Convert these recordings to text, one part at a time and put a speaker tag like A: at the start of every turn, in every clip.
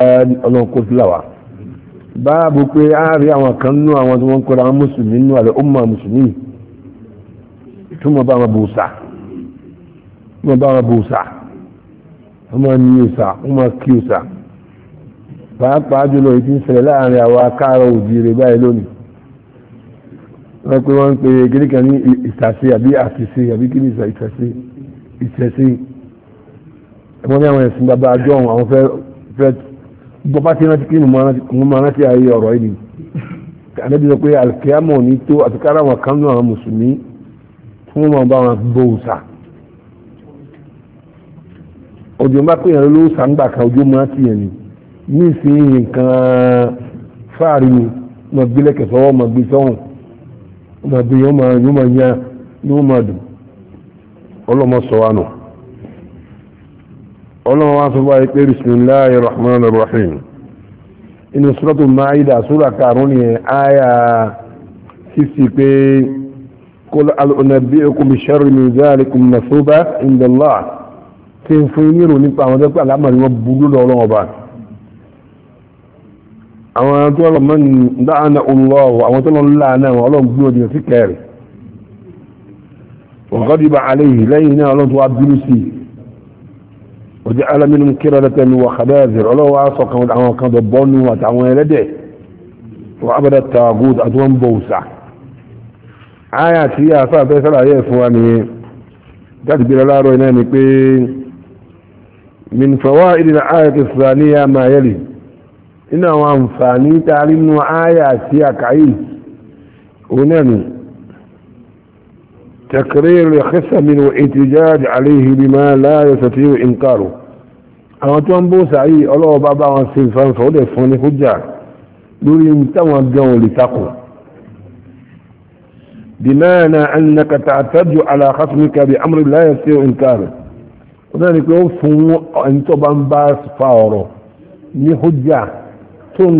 A: ọlọ́run kó sílà wa báàbù pé a rí àwọn kan nú àwọn tí wọ́n ń kọ́ra mùsùlùmí nú àlẹ́ ọmọ mùsùlùmí túmọ̀ bá wọn bò sà túmọ̀ bá wọn bò sà wọ́n máa ní òsà wọ́n máa kí òsà pàápàá jùlọ ìdí ìṣẹ̀lẹ̀ láàrin àwa káàrọ̀ òjìire báyìí lónìí wọ́n pé wọ́n pe gíríkà ní ìtàsí àbí àtìsí àbí kí ni ìtàsí ìtẹ̀sí wọ́n ní àwọn ẹ̀sìn bàbá àjọ àwọn fẹ́ẹ́ bọ́bá ti rántí kí mo máa rántí ayé ọ̀rọ̀ yìí ànábi sọ pé alikiyama ò ní tó àti kára wọn kan náà mùsùlùmí tí wọ́n máa bá wọn gbó òòsà òjò máa pè yàn ló sàǹgbà ojú ni ní ìsinyìí nǹkan fáàrí ni gbé gbé gbé máa máa dùn sọ wa nù. ọlọ́wọ́ wá sọ báyìí pé bismillahi rahman rahim inú sọ́tò máìdá sura karùn-ún yẹn àyà sísì pé kul alunabbi'ukum bi sharri min zalikum masuba inda Allah tí ń fún yín rò nípa àwọn dẹ́pẹ́ àlámàrí wọn burú lọ́wọ́ ọba àwọn tó lọ mọ́ ní dáhànà olùlọ́wọ́ àwọn tó lọ láàánà àwọn ọlọ́run gbé ọdún sí kẹrì ọ̀gọ́dìbà àlẹ́yìn lẹ́yìn náà ọlọ́run tó wá bínú sí i وجعل منهم كردة وخبازر ولو عصق وعن كان ضبون وتعوان لده وعبد التاغوت أدوان بوسع آيات هي أصاب بيسر آيات فواني تكبر لا رويناني من فوائد الآية الثانية ما يلي إنه أنفاني تعلم آيات هي كعيد وناني تكرير الخصم والاحتجاج عليه بما لا يستطيع إنكاره àwọn tó ń bó sàárì ọlọ́wọ́ bá bá wọn ṣe ìfẹ́ǹsọ̀ ó dẹ̀ fún ní kújà lórí táwọn gan ò lè takò bìmáàna annaka tààtàjù aláhásmíkà bí amúrí láyé sí òǹkàrẹ̀ ó náà ni pé ó fún ẹni tó bá ń bá fa ọ̀rọ̀ ní kújà tó wọ́n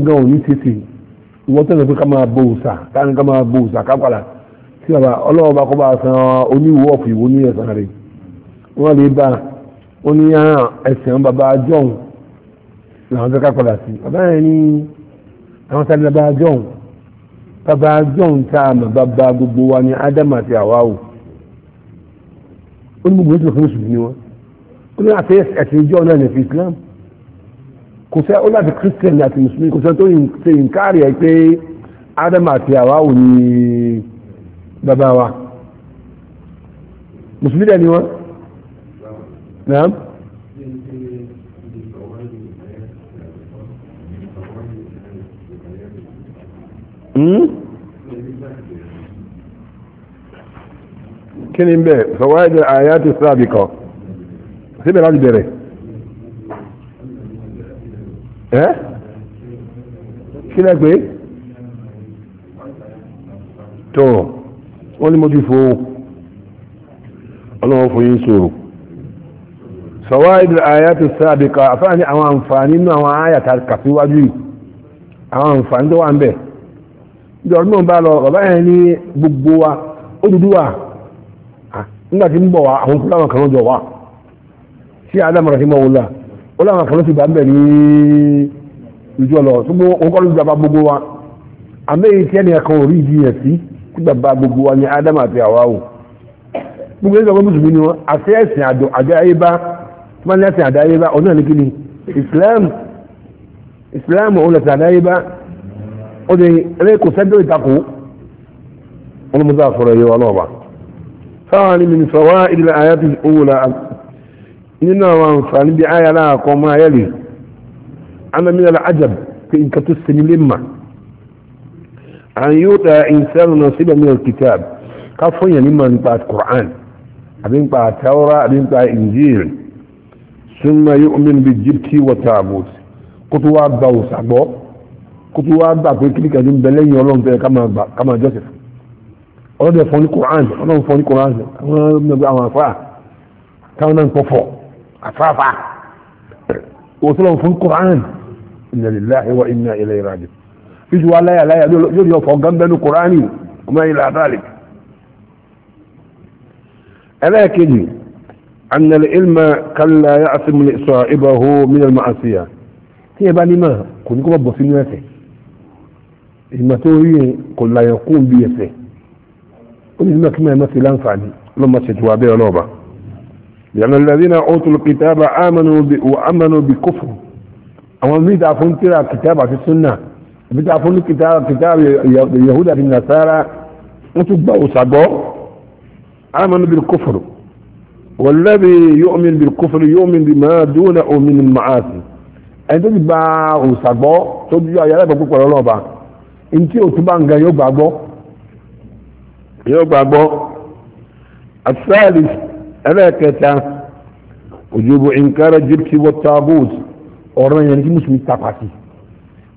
A: lè bá ó ní ẹsẹ̀ ah, bàbá john làwọn fẹ́ ká padà sí bàbá yẹn ní àwọn sáré bàbá john bàbá john tá a mọ̀ bàbá gbogbo wa ní ádámù àti àwáwò ó ní gbogbo ìṣòro fún mùsùlùmí wọn ó ní àti ẹ̀sìn john náà ní islam kò sẹ́ ó láti christian àti mùsùlùmí kò sẹ́ tó ṣe nǹkárí ẹ̀ pé ádámù àti àwáwò ní bàbá wa mùsùlùmí dẹ̀ ni wọ́n. نعم كلمة بيه فوائد الآيات السابقة سيبه راجل بيري اه كلا بيه tó wọ́n ní mo ti fò ọlọ́wọ́ fún yín sọ̀rọ̀ فوائد الآيات السابقة فأني أما أنفانين أما آيات الكفي وجي أما أنفانين دو أنبه دو أنبه بالو غباني بقبوة أدودوة nígbà tí ń bọ̀ wá àwọn fúlàmà kan jọ wá sí adam rahimahullah fúlàmà kan ti bá ń bẹ̀ ní ìjọ lọ tó mú ọkọ̀ ló gbàgbà gbogbo wa àmẹ́yìn tí ẹnì kan ò rí ìjìyàn sí tí gbàgbà gbogbo wa ní adam àti àwa o gbogbo ẹni sọ pé mùsùlùmí ni wọn àti ẹ̀sìn àjọ àjọ ayé bá máa ń lẹ́sìn àdáyébá òun náà ní kí ni Islam Islam òun lẹ́sìn àdáyébá ó di ẹlẹ́kò sẹ́dọ̀ ìtakò wọn mú sáà sọ̀rọ̀ yìí wọn náà wà. sáwọn ni min fawaid al-ayati al-ula nínú àwọn àǹfààní bí àyà náà kọ́ máa yẹ lè ana min al-ajab pé nǹkan tó sinmi lè an yóò da ìsẹ́nu náà síbẹ̀ min al-kitab ká fún yẹn ní ma nípa Qur'an àbí nípa Tawra àbí nípa Injil ثم يؤمن بالجبت والتابوت كتوا باو سابو كتوا با كو كلي كان بلين يولون بي كما با كما جوزيف اون دي فوني قران اون فوني قران اون نبي اما فا كان نان كفو افافا وصلوا فوني قران ان لله وانا اليه راجعون يجي ولا لا لا يجي يفو جنبنا قراني وما الى ذلك الا كده أن العلم كلا يعصم صاحبه من المعصية هي بني ما كن كما بوسين نفسه إما توي كل يقوم بيسه ولما كما مثلا فعني لما تجوابه لوبا لأن الذين أوتوا الكتاب آمنوا ب... وآمنوا بكفر أما بيد عفون ترى كتاب في السنة بيد عفون الكتاب كتاب اليهود في النصارى بقوا سبوا آمنوا بالكفر والذي يؤمن بالكفر يؤمن بما دونه من المعاصي ẹni tó ti gba òsàgbọ́ tó ju ayára ìgbàgbọ́ pẹ̀lú ọlọ́ọ̀ba ní tí òtún bá ń gan yóò gbàgbọ́ yóò gbàgbọ́ asáàlì ẹlẹ́ẹ̀kẹta òjòbó nkárá jípsì wọ́tàbóòtù ọ̀rọ̀ yẹn kí mùsùlùmí tapàtì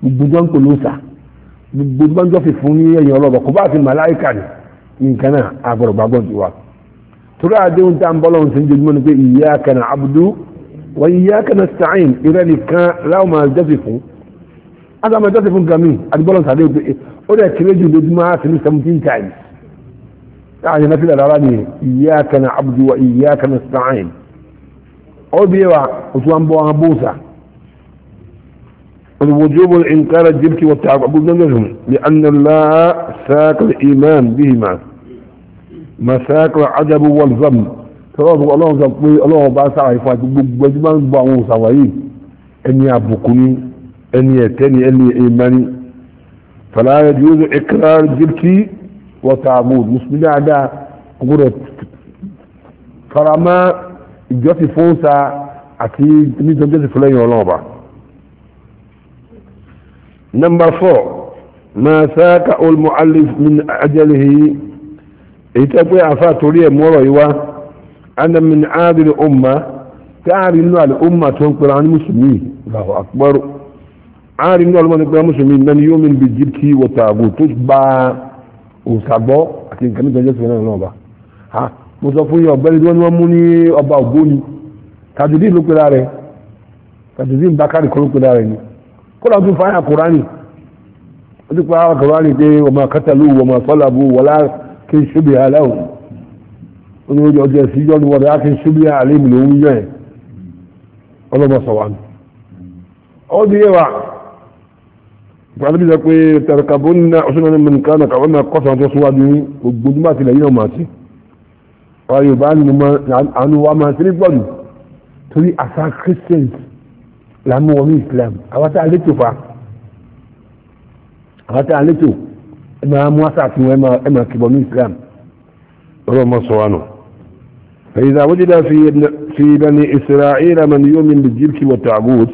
A: gbogbo jọ ń pè lóòsà gbogbo jọ ń jọ yẹn ọlọ́ọ̀ba kò bá ti màláìkà ní nǹkan náà ti wà. تقعدي وانت عم بلون سنجد منك إياك نعبدو وإياك نستعين إذا كان لو ما دفقوا هذا ما دفقوا قامين عد بلون سعدي وقل إيه أولا تريجوا بدماء سنسا متين تعين يعني نفيد الأراني إياك نعبدو وإياك نستعين أو بيوا أسوان بوا بوسا الوجوب الإنكار الجبك والتعب أبو لأن الله ساك الإيمان بهما masakra ajabu wal zam tọ́lọ́dún ọlọ́run sọ pé ọlọ́run bá sára ìfọ àti gbogbo ẹjú máa ń gbọ́ àwọn òṣàwà yìí ẹni àbùkù ni ẹni ẹ̀tẹ́ ni ẹni èèmà ni fàlàyé di oṣù ẹ̀kẹ́rẹ́ jìbìtì wọ́tà àbò mùsùlùmí dáadáa kókó rẹ̀ faramá ìjọsìn fúnsa àti nítorí jọsìn fúnlẹ́yìn ọlọ́run bá. number four ma sáka olmu'allif min ajalihi èyí tẹ́ pé àfa torí ẹ̀ mọ́rọ̀ yìí wá anamin adil umma káàrin inú àlè umma tó ń pera wọn mùsùlùmí Allahu akbar àárín inú àlùmọ́ ní pera mùsùlùmí náà ni yóò mi bi jìbìtì wọ̀tàgò tó gba òsàgbọ́ àti nǹkan ha mo sọ fún yín ọ̀gbẹ́ni tí ọba ògbóni tàdùdí ló pera kọ́ ló ni kó tún fáyà kúránì ó ti pa kúránì pé ọmọ kí n ṣubi aláwọ̀ wọn ni ọjọ́ sí ìjọ ni wọ́n kí n ṣubi aláìmù ló ń yọ ẹ̀ ọlọ́mọ sọ wa ni. ó di yẹ wa ìpàdé bí sọ pé tẹ̀rẹ̀kàbó ní ọ̀ṣun náà nìkan kan náà kàwọn náà kọ́sàn tó síwájú gbogbo ní màtí lẹ́yìn ọmọ àti ọ̀rọ̀ yorùbá àánú wa máa ń tẹ́lẹ̀ gbọ́dù torí àṣà christians làmú wọn ní islam àwọn tá a létò fa àwọn tá a létò ẹ máa mú àṣà tí wọn ẹ máa kìbọ̀ ní Islam ọlọ́run mọ́ sọ wa nù. فإذا وجد في في بني إسرائيل من يؤمن بالجبت والتعبود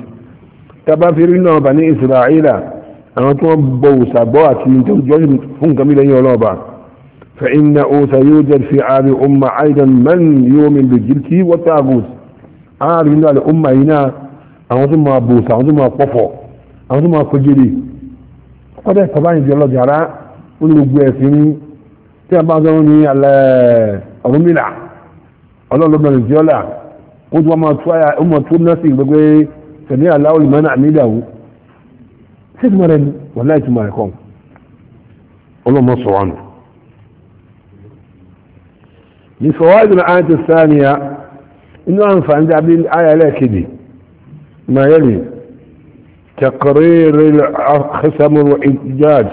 A: تبا في رنا بني إسرائيل أنا تنبو سبوات من توجد هم كميلا يولوبا فإنه سيوجد في آل أمة أيضا من يؤمن بالجبت والتعبود آل من الأمة هنا أنا ثم أبوس أنا ثم أقفو أنا ثم أقجري قد يتبعني في الله جعلاء ó ní gbogbo ẹ̀sìn ní tí a bá ń sọ́run ní alẹ́ ọ̀rúnmìlà ọlọ́ọ̀lọ́bẹ̀rẹ̀ tí ọ́là ó tún wọ́n máa tó náà sí gbogbo sẹ̀mí aláwọ̀ ìmọ̀nà àmìlẹ̀wò sí ìtumọ̀ rẹ̀ ni wọ́n láì túmọ̀ rẹ̀ kọ́ ọlọ́mọ sọ ní sọ̀wọ́ ìdùnnú ayé ti inú àǹfààní dàbí ayé ẹlẹ́ẹ̀kejì ما يلي تقرير الخصم والاحتجاج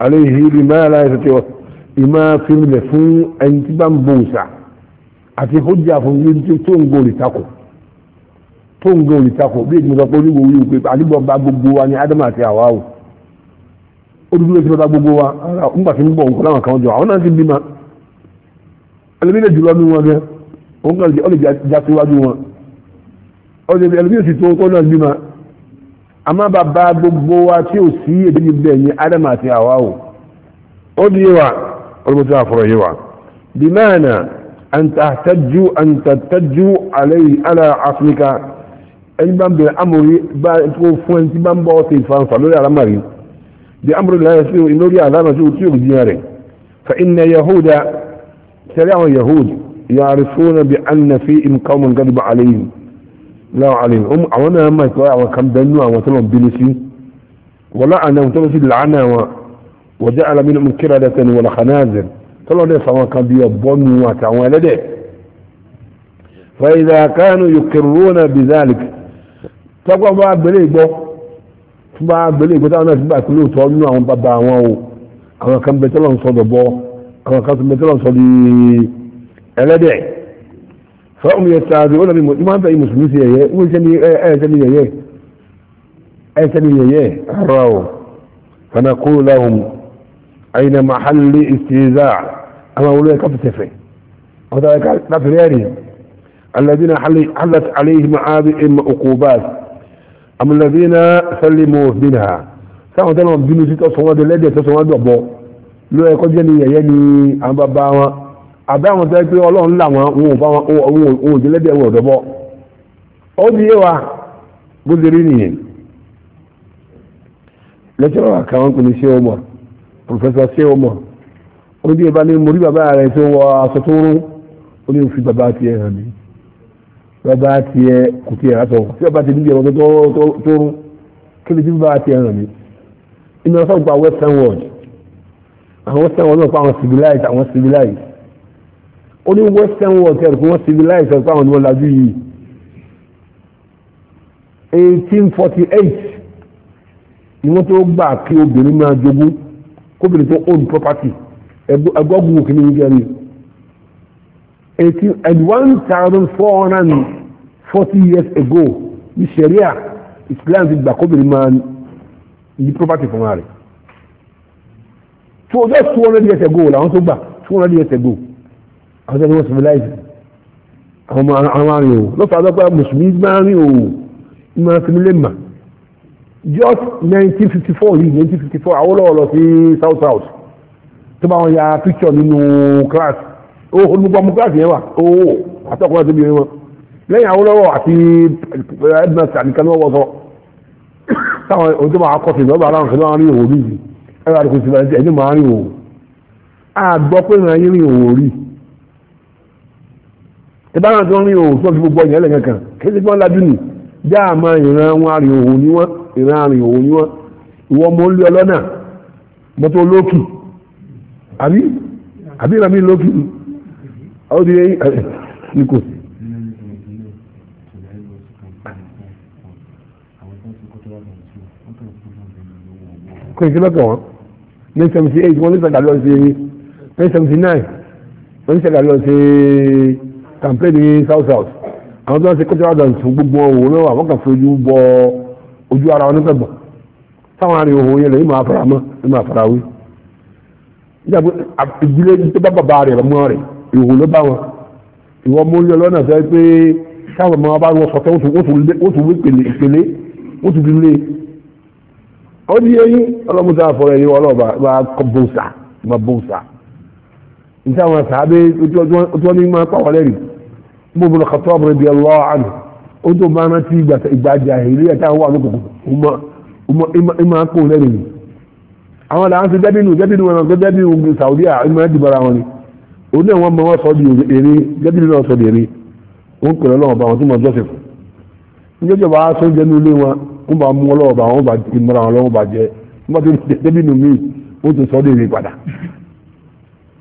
A: عليه بما لا يستطيع إما في ملفون أن تبان بوسع أتي حجة فنجد تنقو لتاكو تنقو لتاكو بيك متقولي ويوك علي بابا بقواني عدم أتي أواو odúdúró ti bàbá gbogbo wa ara ńgbà tí ń bọ̀ nǹkan láwọn kan jọ àwọn náà ti bímọ ẹlẹ́mílẹ̀ jùlọ ní wọn gẹ́ òun kàn lè já síwájú wọn ọ̀dẹ̀ ẹlẹ́mílẹ̀ sì tó kọ́ náà bímọ àmọ́ bàbá gbogbo wa tí ò sí èdè ibẹ̀ ní adam àti àwáwò ó di wa olùmọ̀tí àfọ̀rọ̀ yìí wa bí mẹ́ẹ̀nà àǹtàtàjú àǹtàtàjú àlẹ́yìn ala afirika ẹni bá ń bẹ̀rẹ̀ amòrí bá tó fún ẹni tí bá ń bọ́ ọ̀sẹ̀ ìfanfà lórí alámàrí bí amòrí láyé sí lórí alámà tí ó tí ò rí jiyàn rẹ̀ fa inna yahuda tẹ̀lé àwọn yahud yàrá fún bí anna fi im kawman gadiba alayhim láwọn àlè àwọn náà máa ìpẹ́ àwọn kan bẹ́ẹ̀ nú àwọn tọ́lọ̀ bínú sí wọ́n láàánà wọn tọ́lọ̀ sí làánà wọn wọ́n jẹ́ alamínú mu kíra dẹ́tẹ́ ni wọ́n khanáàzẹ̀ tọ́lọ̀ dẹ́ fáwọn kan bí ọ̀bọ́ àtàwọn ẹlẹ́dẹ̀ فإذا كانوا يقرون بذلك tọ́gbọ́n bá abẹ́lé ìgbọ́ tó bá abẹ́lé ìgbọ́ táwọn náà ti bá ìpínlẹ̀ òtọ́ nínú àwọn bàbá wọn o àwọn kan bẹ tọ́lọ̀ ń sọ àwọn kan bẹ tọ́lọ̀ ń sọ فهم يتعذرون بما أنت أي مسلم سيئة ويسمي أيسمي أهراو فنقول لهم أين محل استهزاء أما أولئك كفتفين وذلك كفريانهم الذين حلت عليهم عابئهم عقوبات أم الذين سلموا منها sáwọn tẹ́lọ̀ bínú sí tọ́sọ̀wọ́dẹ̀ lẹ́dẹ̀ẹ́ tọ́sọ̀wọ́dẹ̀ ọ̀bọ̀ ló ẹ̀kọ́ jẹ́ ni yẹ̀yẹ́ ni àwọn bàbá wọn àbáwọn sọ pé ọlọ́run là wọn wọn ò bá wọn wọn ò jẹlẹ́bí ẹ̀wọ̀n ọ̀dọ́ bọ́ ó di yé wa bó ti rí nìyẹn lẹ́tọ́rọ̀ àkàwọn pè ní ṣé ọmọ pòfẹ́sọ̀ ṣé ọmọ ó di ìbá ní mo rí bàbá rẹ̀ tó wọ aṣọ tó rún ó ní fi bàbá tiẹ̀ hàn mí bàbá tiẹ̀ kò tiẹ̀ aṣọ tí bàbá tiẹ̀ níbi ẹ̀rọ tó rún kí ni tí bàbá tiẹ̀ hàn mí ìnáwó sọ̀gbà western world àwọn western world náà pa àwọn civilized àwọn civilized ó ní western world ẹ̀rù kí wọ́n civilize ẹ̀rù káwọn ni wọ́n lajú yìí eighteen forty eight ni wọ́n tó gbà kí obìnrin máa jogún kóbìnrin tó own property ẹgbọ́gbùn òkè ní nìgẹ̀rí eighteen and one thousand four hundred and forty years ago ní sẹ̀ríà Islam ti gbà kóbìnrin máa yí property fún wa rẹ̀ two hundred years ago làwọn tó gbà two hundred years ago àwọn tẹ́lẹ̀ wọ́n civilize àwọn arìnrìn òwò lọ́fà lọ́pàá mùsùlùmí máa rìn òwò ìmọ̀ àtìmílẹ̀ mà just 1954 yìí 1954 àwọn ọlọ́ọ̀lọ́ sí south south tó bá wọn ya picture nínú class ó olùkọ́ ọmọ class yẹn wà ó àtọ́kùnrin àti obìnrin wọn lẹ́yìn àwọn ọlọ́wọ́ àti headmaster eh, nìkan ni wọ́n wọ́ sọ táwọn ojú máa kọ́ sí ìgbà aláwọn kan máa rìn òwò rí yìí ẹ̀rọ àdìkú sí ẹni máa rìn òwò àgbọ́ pé ràn rìn òwò rí yìí ìbára tó ń rí òun tó fi gbogbo ìyẹn lẹ́gàn kan kí ló ń lajú nì já àmọ́ ìran wọn àrìn òun ni wọn ìran àrìn òun ni wọn ìwọ mo ń lé ọlọ́nà mọ́tò lókì àbí àbí ìrànmí lókì ó di nìkò. kò ní kí lọ́kàn wọn ní seventy eight wọ́n ní sàgàlọ́ sí ní seventy nine wọ́n ní sàgàlọ́ sí can ní south south àwọn tó ń ṣe cultural dance fún gbogbo òun náà àwọn kan fojú bọ ojú ara wọn nígbàgbọ́ táwọn arìnrìn òun yẹn lè máa fara mọ́ lè máa fara wí. ìjàpọ̀ ìdílé tó bá bàbá rẹ̀ mọ́ rẹ̀ ìhùn ló bá wọn ìwọ mú lé ọlọ́nà sọ pé táwọn ọmọ bá wọ sọtẹ́ ó tún wí pèlè ó tún fi ọdún yẹn yín ọlọ́mùsà àfọ̀rẹ́ yìí ọlọ́ọ̀bà bá bọ́ọ̀sà bá bọ́ọ̀sà nta àwọn sàábé ojú ọdún máa pàwọ́ lẹ́rì mo bọ̀ lọ́kàtọ́ ọ̀bùrẹ́ bíi ọlọ́ àná ó tó máa rántí ìgbà jàhílíyà táwọn wà lókùnkùn ìmọ̀ kó lẹ́rì ni àwọn làwọn ti dẹ́bìnú dẹ́bìnú wọn kó dẹ́bìnú Saudi ìmọ̀ ẹ̀ dìbọ̀ra wọn ni ó ní àwọn ọmọ wọn sọ di èrè dẹ́bìnú náà sọ di èrè ó ń pè lọ́wọ́ bá wọn tó mọ Joseph níjọba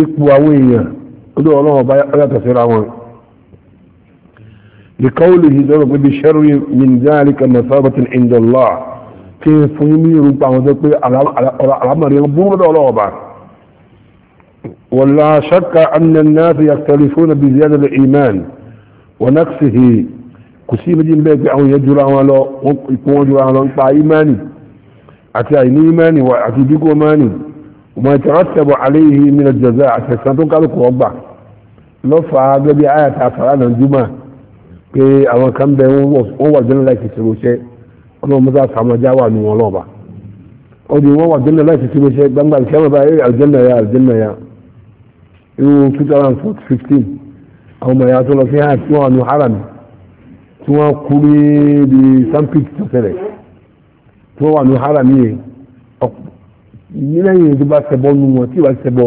A: ipò àwọn èèyàn ọdọ ọlọ́wọ́ bá yàtọ̀ síra wọn likawuli hizoro pé bí sẹ́rù min zalika masabatin inda Allah kí n fún yín ní irúgbà àwọn tó pé alámọ̀rí wọn búrú lọ́dọ̀ ọlọ́wọ́ bá wala shakka anna an-nas yaktalifuna bi ziyadati al-iman wa naqsihi kò sí méjì bẹ́ẹ̀ pé àwọn yẹn jura wọn lọ ipò wọn jura wọn lọ nípa imani àti àìní imani àti ìdíkò imani وما يترتب عليه من الجزاء عشان قالوا كوبا لفا قبل آية عفران الجمعة كي أما كان بهم هو الجنة لا يكسروا شيء أنا مزاع سامع جاوا نوالوبا أودي هو الجنة لا يكسروا شيء بنبع الكلام بقى الجنة يا الجنة يا يو 2015 أو ما يعطونا فيها سوى نحرم سوى كولي بسامبيك تسلك سوى نحرم إيه nílẹ̀yìn tó bá ṣẹbọ nu wọn tí ìwà ṣẹbọ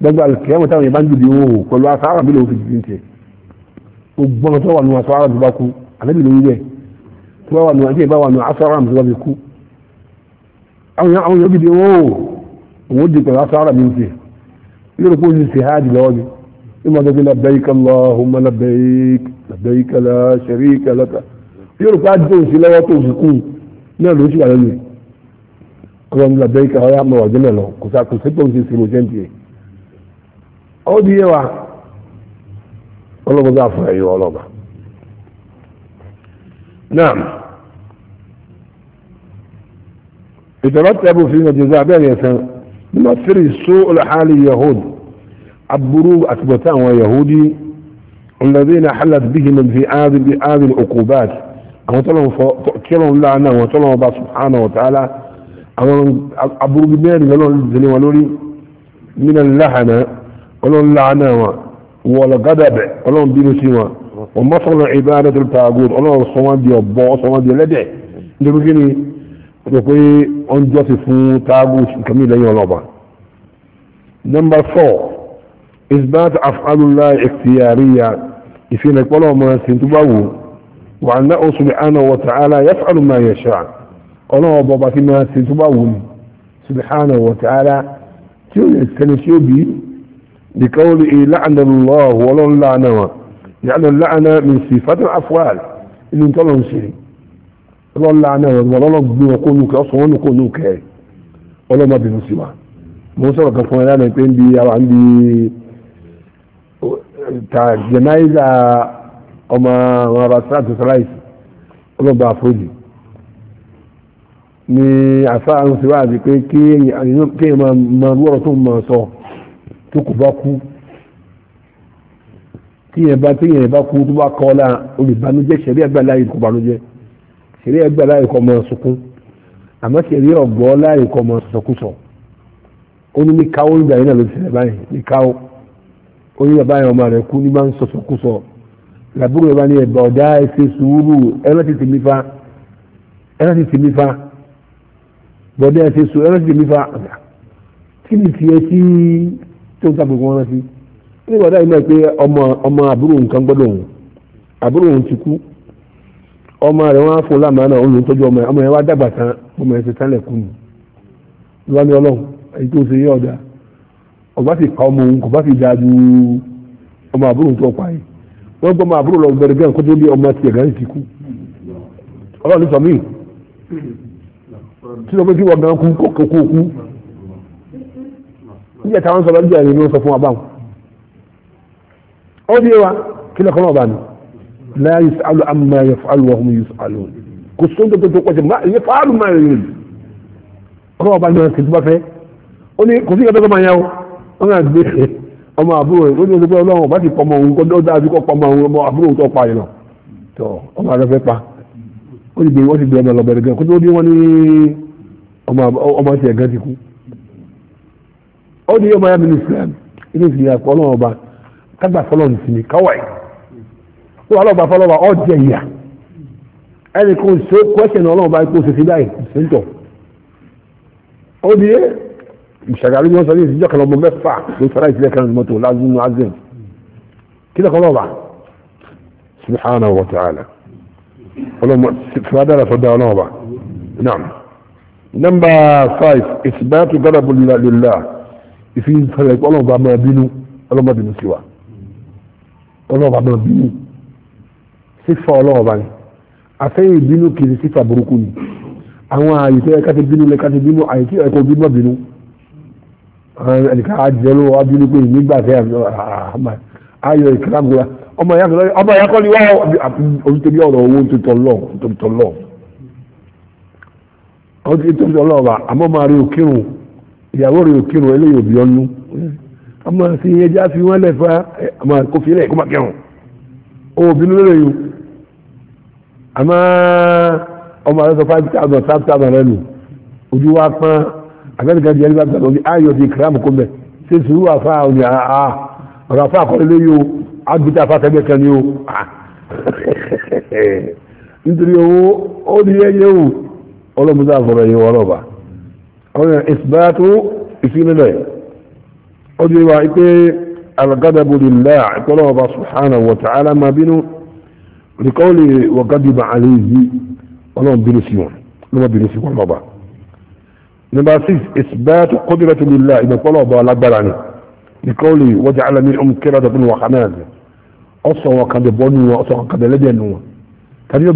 A: gbogbo alùpùpù táwọn yẹn bá ń dùn ìwò wò pẹ̀lú aṣọ arábì lòun fi dìde tiẹ̀ gbogbo ọmọ tó wà nù aṣọ arábì bá kú àlẹ́bì lòun bẹ̀ tó wà nù àti ìbá wà nù aṣọ arábì tó bá fi kú àwọn yẹn dìde wò òun dì pẹ̀lú aṣọ arábì tiẹ̀ lórí pé oṣù sèhádì lọ́wọ́ mi ìmọ̀ tó fi labbaik Allahumma labbaik labbaik la sharika laka lórí pé adé òsì lọ́wọ́ tó fi kú náà ló sì wà lẹ́nu ọlọ́run ní labẹ́ ìkà ọ̀yà mọ̀ ọ̀jẹ́ mẹ́lọ kò sá kò sépò ṣe sí mọ̀jẹ́ nìyẹn. ó di yé wa ọlọ́run bá fún ẹ̀yọ ọlọ́ba. naam ìjọba tẹ́bù fi ń jẹ́ abẹ́rẹ́ yẹn sẹ́n nígbà tírì só olùhálì yahood aburú àtibọ̀tá àwọn yahudi الذين حلت بهم في هذه العقوبات àwọn tọ́lọ̀ ń kírun láàánú àwọn tọ́lọ̀ ọba subhanahu wa ta'ala أولون أبرو بنار قالون زني ولوني من اللحنة قالون لعناوة ولا قدب قالون بينو سيما ومصر عبادة التاقود قالون الصوان دي أبو الصوان دي لدع دي بكيني يقول أن جوسفو تاقود كميلا يولوبا نمبر فور إثبات أفعال الله اختيارية في نقبله ما سنتبعه وعن الله سبحانه وتعالى يفعل ما يشاء ọlọ́wọ́ bọba kí máa ṣe tó bá wù ní subhanahu wa ta'ala tí ó lè sẹni tí ó bí di kawli ìlànàlọ́wọ́ ọlọ́run lánà wọn yàtọ̀ lánà mi sì fatah afuwal inú tọ́lọ̀ ń ṣe ọlọ́run lánà wọn ọlọ́run gbé wọn kó nù kẹ́ ọ̀sán wọn nù kó nù kẹ́ ọlọ́run má bínú sí wa mo sọ̀rọ̀ kan fún ẹ lánàá pé ń bi àwọn ń bi ta jẹnáìzà ọmọ àwọn abasirà tó sọláìsì ọlọ́ba àfojì ni àfáàrùn sí wáàdì pé kí èèyàn máa wọ́rọ̀ tó máa sọ tó kò bá kú tí èèyàn bá tí èèyàn bá kú tó bá kọ́ ọ́lá olùbánújẹ́ ṣẹ̀rí ẹgbẹ́ láyé kò bánújẹ́ ṣẹ̀rí ẹgbẹ́ láyé kò máa sunkún àmọ́ ṣẹ̀rí ọ̀gbọ́ láyé kò máa sọkúsọ ó ní ní káwó ìgbà yẹn náà ló ti ṣẹlẹ̀ báyìí ní káwó ó ní bàbá ọmọ rẹ̀ kú ní máa ń sọ làbúrò yẹn bá ní ẹ̀bà ọ̀dá ẹ̀ṣẹ̀ sùúrù ẹ̀rọ ti tì mí fa ẹ̀rọ ti tì mí fa Bọdụ ẹ̀ ṣe sọ ẹ̀rọ ti mi fa kí ni tiẹ̀ tí tó ń tàbí wọn rántí ní ìwádà yìí náà pé ọmọ ọmọ àbúrò nǹkan gbọ́dọ̀ òun àbúrò òun ti kú ọmọ rẹ̀ wọ́n á fún lámàá náà òun ló ń tọ́jú ọmọ yẹn ọmọ yẹn wá dàgbà tán ọmọ yẹn ti ni ọlọ́run èyí tó ṣe yé ọ̀dà ọba pa ọmọ òun kò bá
B: da tí
A: wọ́n fi wọ́n gan kú kókó kú nígbà táwọn sọ̀rọ̀ nígbà yìí ló sọ fún wa báwọn. ó díẹ̀ wa kí lọ́kọ́ náà bá mi la yus'alu amma yaf'alu wa hum yus'alun kò sóńtò tó tó pọ̀jù má yẹ fàálù má yẹ yẹn ọlọ́wọ́ bá náà kìtìbá fẹ́ ó ní kò sí ìgbàdọ́gbà máa yá o wọ́n náà gbé ọmọ àbúrò ó ní oṣù pé ọlọ́wọ́ bá ti pọmọ òun kọ́ dáa sí kọ́ pọmọ òun ọmọ àbúrò tó pa ọmọ tiẹ̀ gan ti kú ó ní ọmọ ya mi ní Islam inú ìsìn yà kọ́ ọlọ́run ọba kágbà fọlọ́ ní sinmi káwáì ó wà lọ́ba fọlọ́ba ọ́ jẹ ìyà ẹnì kan ṣe kwẹ́sìn ọlọ́run ọba ikú ṣèṣin báyìí ṣe ń tọ̀ ó ní ìṣàgàrí ni wọ́n sọ ní ìsìnjọ́ kan ọmọ mẹ́fà ló fara ìsìnlẹ̀ kan ní mọ́tò lázùnú azim kí lọ́kọ́ lọ́ba subhanahu wa ta'ala ọlọ́run fúnadàrà sọ́dọ̀ ọlọ́run ọba náà number five ìsìbáyàtò gbọ́dọ̀ bọ̀lá lọ́la ìfi ìfẹ̀lẹ̀ ọlọ́ọ̀bà máa bínú ọlọ́ọ̀bà bínú sí wa ọlọ́ọ̀bà máa bínú sífà ọlọ́ọ̀bà ni àfẹ́yìn bínú kìí sífà burúkú ni àwọn àyè tó yẹ ká ti bínú lẹ ká ti bínú àyè tí ẹ̀kọ́ bínú bínú ẹnìkan àjẹ́ ló wá bínú pé nígbà tẹ́ ayọ̀ ìkàlámù ọmọ ìyá kọ́ni wá orí tẹ́lẹ̀ ọ̀rọ̀ owó tó tọ̀ lọ́ọ̀ wọ́n ti tóbi ọlọ́ọ̀bà àmọ́ máa rí òkírun ìyàwó rí òkírun eléyìí òbí ọ́nú àmọ́ sí ẹja fi wọ́n lẹ̀ àmọ́ kò fi lẹ̀ kó má kẹrùn òbí ló lè yù àmọ́ ọmọ rẹ sọ five thousand five thousand rẹ nù ojú wa pọ́n abẹ́nìkan jẹ́ nígbà tó ayọ̀ ah, ti kìrámù kó mẹ́ ṣé sùúrù àfa òní àá ah, ah, ọ̀rọ̀ àfa àkọlé lé yìí o àfa àtẹ́gbẹ́ kan ni o nítorí owó ó ní ẹyẹ wò ọlọ́mú sáà fọ̀rọ̀ yìí wọ́n ọba ọ̀rọ̀ ìsìbáàtú ìfínilẹ̀ ó di wa pé alagadabu lillah ìpọ́lọ̀ ọba subhanahu wa ta'ala máa bínú rìkọ́lì wọ̀gádìbà àlèyí ọlọ́mú bínú sí wọn lọ́mọ bínú sí wọn ọba number six ìsìbáàtú qudratu lillah alágbára ni rìkọ́lì wọ́jà alami ọmọkẹ́rọ̀ dàbí wọn wọn kàdé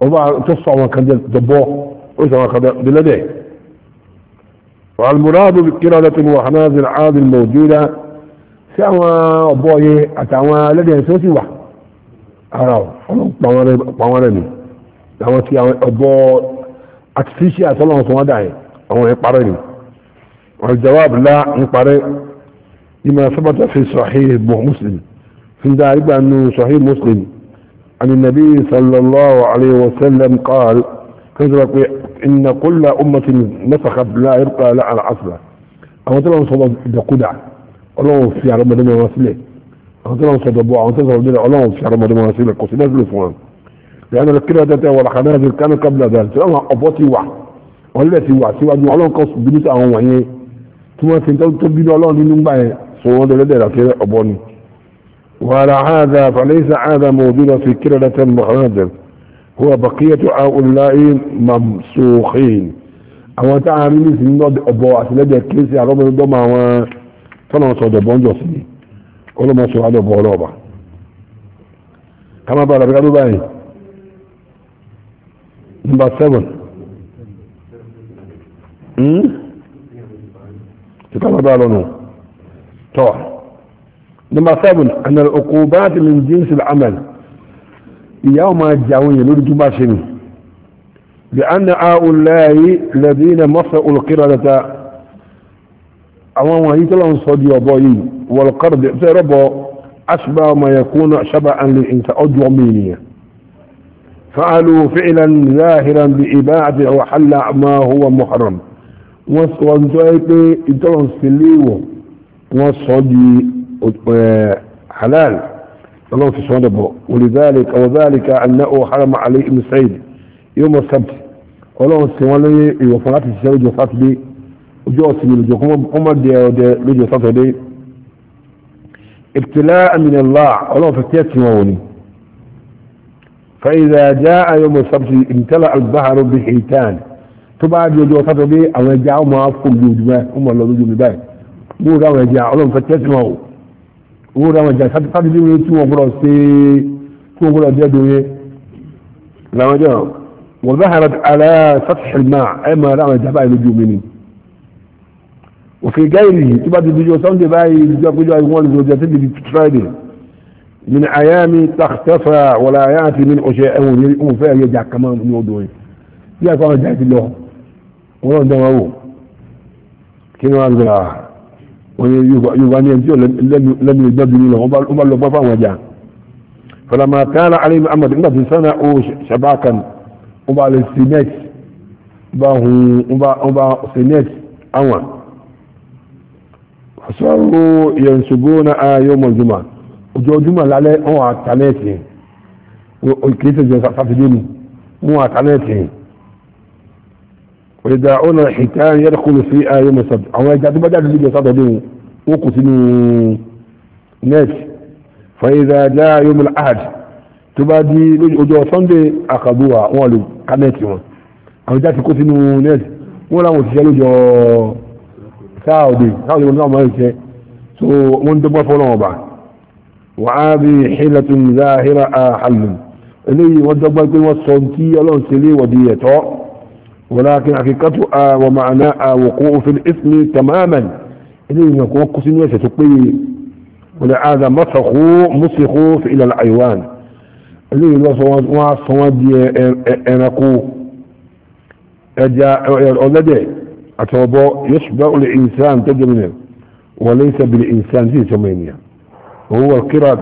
A: وما تصفى ما دبوه وإذا ما بلديه والمراد بالقرادة وحناز العاد الموجودة سوى أبوه أتعوى لديه سوسي واحد أراو طوالي لما تي أبوه أتفيشي أتلوه داعي أو يقرني والجواب لا يقرن لما ثبت في صحيح مسلم في ذلك أنه صحيح مسلم عن النبي صلى الله عليه وسلم قال إن كل أمة نسخت لا يبقى لا على عصره أقول لهم صدق بقدع أقول في عرب دمي واسله أقول لهم صدق بوع أقول لهم صدق بوع في عرب دمي واسله قصي نزل فوان لأن الكلا داتا والخنازل كان قبل ذلك سألها أبوتي واحد ولا واحد سوا دي أقول لهم قص بنيت أهو وعيه ثم سنتظر تبين أقول لهم لنبعي صدق لدي لكي أبوني وعلى هذا فليس هذا موجودا في كردة محاضر هو بقية هؤلاء ممسوخين àwọn tá a rí ní ìsinmi ọbọ àtìlẹ́jẹ̀ kí sí àrọ́bìnrin dọ́mọ àwọn tọ́nà sọ̀dọ̀bọ̀ ń jọ sí ni olómọ̀sọ̀ àdọ̀bọ̀ ọlọ́ọ̀bà kama bára bíkà tó báyìí nọmba seven tí kama bára lọ́nà لما 7 أن العقوبات من جنس العمل يوم الجاوية لرجو باشني لأن هؤلاء الذين مصروا القردة أمام يتلون صدي وضعي والقرد تربو أشبه ما يكون شبعا للإنسان أجو مينية فعلوا فعلا ظاهرا بإباعة وحل ما هو محرم وانتوا يتلون سليو وصدي حلال اللهم في سبحانه بو ولذلك وذلك أنه حرم علي ابن سعيد يوم السبت ولو في سبحانه لي وفرات السبت وفرات لي وجوه سبيل وجوه عمر دي ودي وفرات لي ابتلاء من الله اللهم في التيات فإذا جاء يوم السبت امتلع البحر بحيتان تبعد يجو تطبي او يجعو ما افكم جوجبه هم الله يجو مباك مو قام يجع اللهم في التيات owó ra wọn jà sátidé wọlé tí wọn gbọ́dọ̀ ṣe tí wọn gbọ́dọ̀ jẹ́ dòye làwọn jẹ́ wọ́n bá hàrà àlẹ́ sátìṣẹ́ náà ẹ̀ máa ra àwọn ìjàmbá ìlú ju omi ni òfin gáìrì tó bá ti dijọ́ sunday báyìí dijọ́ péjọ àwọn olùdókòjọ́ tó di friday min ayami takhtafa wala ayati min ọ̀ṣẹ́ ẹ̀wọ̀n ní òun fẹ́ yẹ wọ́n lọ́n dán wọn wò kí ni wọ́n á gbé wọ́n yẹ yorùbá ní ẹni tí lẹ́nu ìgbẹ́ bi nílò wọ́n bá lọ gbọ́ fáwọn ẹja fọlọ́mà kára alayhi muhammad nígbà tí sanna o shabakan wọ́n bá lè sí net bá hun wọ́n bá sí net àwọn sọ́rọ̀ yẹn ṣùgbọ́n na ayé ọmọ jùmọ̀ ojú ọjúmọ̀ lálẹ́ wọn àtàlẹ́ẹ̀tì kìí ṣe jẹ́ sátidé mu wọn àtàlẹ́ẹ̀tì ìdá ọ̀nà ìtàn yẹn kò lè fi ayé mọ̀ sọ̀tọ̀ àwọn ẹja tó bá jáde níbi ọ̀sán tọ́jú wọn kò sínú net fàyídà dá yom al-ahad tó bá di ojú sunday àkàdúwà wọn lò kánẹ́ẹ̀tì wọn àwọn ìjà ti kó sínú net wọn làwọn òṣìṣẹ́ lójọ sáàdì sáàdì wọn náà máa ń ṣe wọn ń dọ́gbọ́n fọ́nà ọba wàá bí hilatun zahira ahalun eléyìí wọn dọ́gbọ́n pé wọ́n sọ ti ọlọ́run ṣe léwọ̀dì ẹ̀tọ́ ولكن حقيقته آه، ومعناها وقوع في الإثم تماما إليه يكون قسمية يستقي ولهذا مسخوا مسخوا إلى العيوان اللي هو صواد اجا آه، آه، أولده اتوبو يشبع الإنسان تجمنه وليس بالإنسان في هو وهو القرد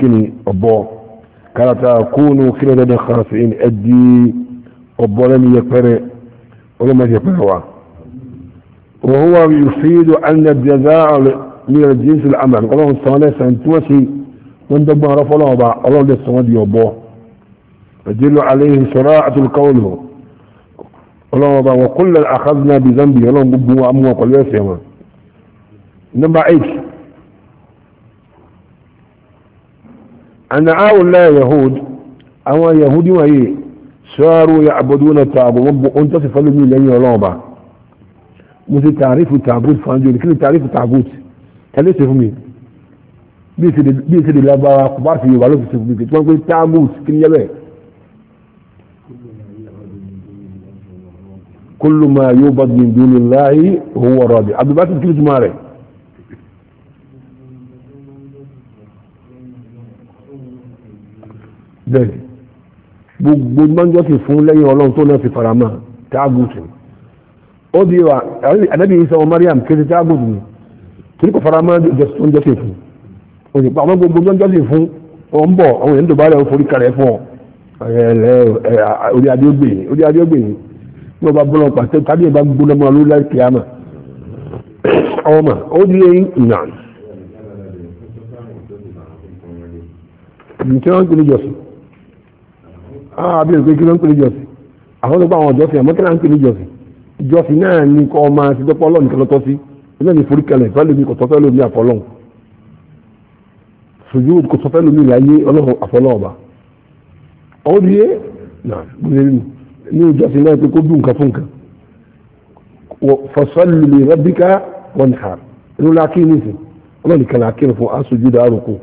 A: كني ابو كانت اكونوا كرات خاسئين أدي ابو لم yẹpẹrẹ ولما يفعوا وهو يفيد أن الجزاء من الجنس العمل الله سبحانه سنتوسي من دبنا رفع الله وضع الله للسمد يبوه فجل عليه سراعة القول الله وضع وكل أخذنا بذنبه الله قبوا وقل قل يسيما نبع إيش أن أول لا يهود أو يهودي وإيه صاروا يعبدون التعبد وبقون تسفلوا من لن يلوبا مثل تعريف التعبد فانجو لكن تعريف التعبد كان يصف مين بيسد الله كبار في يبالو في صف مين تقول التعبد كن يبه كل ما يوبد من دون الله هو راضي عبد الباسط كل جماله ذلك gbogbo gbọ́njọ́ ti fún lẹ́yìn ọlọ́run tó náà ti fara mọ́ tágùtù ó di wa ànábì Ìsá ọmọ Mariam kéde tágùtù ni torí kò fara mọ́ jọ́sọ̀ ti fún òyìnbó àwọn gbogbo gbọ́njọ́ ti fún ọ̀ ń bọ̀ àwọn èèyàn tó bá rẹ̀ forí kalẹ̀ fún ọ orí adé gbè yín orí adé gbè yín ní ọba bọ́lọ̀ pàṣẹ tàbí ìbá gbóná mọ́ lórí láì kíámà ọmọ ó di eyín nà nìkan ó ń gbé jọ́sìn àwọn abẹ́rẹ́ pé kí ló ń pèlè jọ́sìn àwọn tó gba àwọn jọ́sìn àmọ́ kí ló ń pèlè jọ́sìn jọ́sìn náà ni kọ́ ọmọ àti dọ́pọ̀ ọlọ́run nìkan lọ́tọ́ sí ilé ní foríkalẹ̀ fẹ́lẹ́ mi kò tọ́fẹ́ lómi àfọlọ́hún sojú kò tọ́fẹ́ lómi láyé ọlọ́run àfọlọ́ọ̀bà ọdún yé ní ìjọsìn náà pé kó dùn nǹkan fún nǹkan fasalli li rabbika wanhar inú lákì nìsín ọlọ́run nìkan lákì fún asojú dárúkú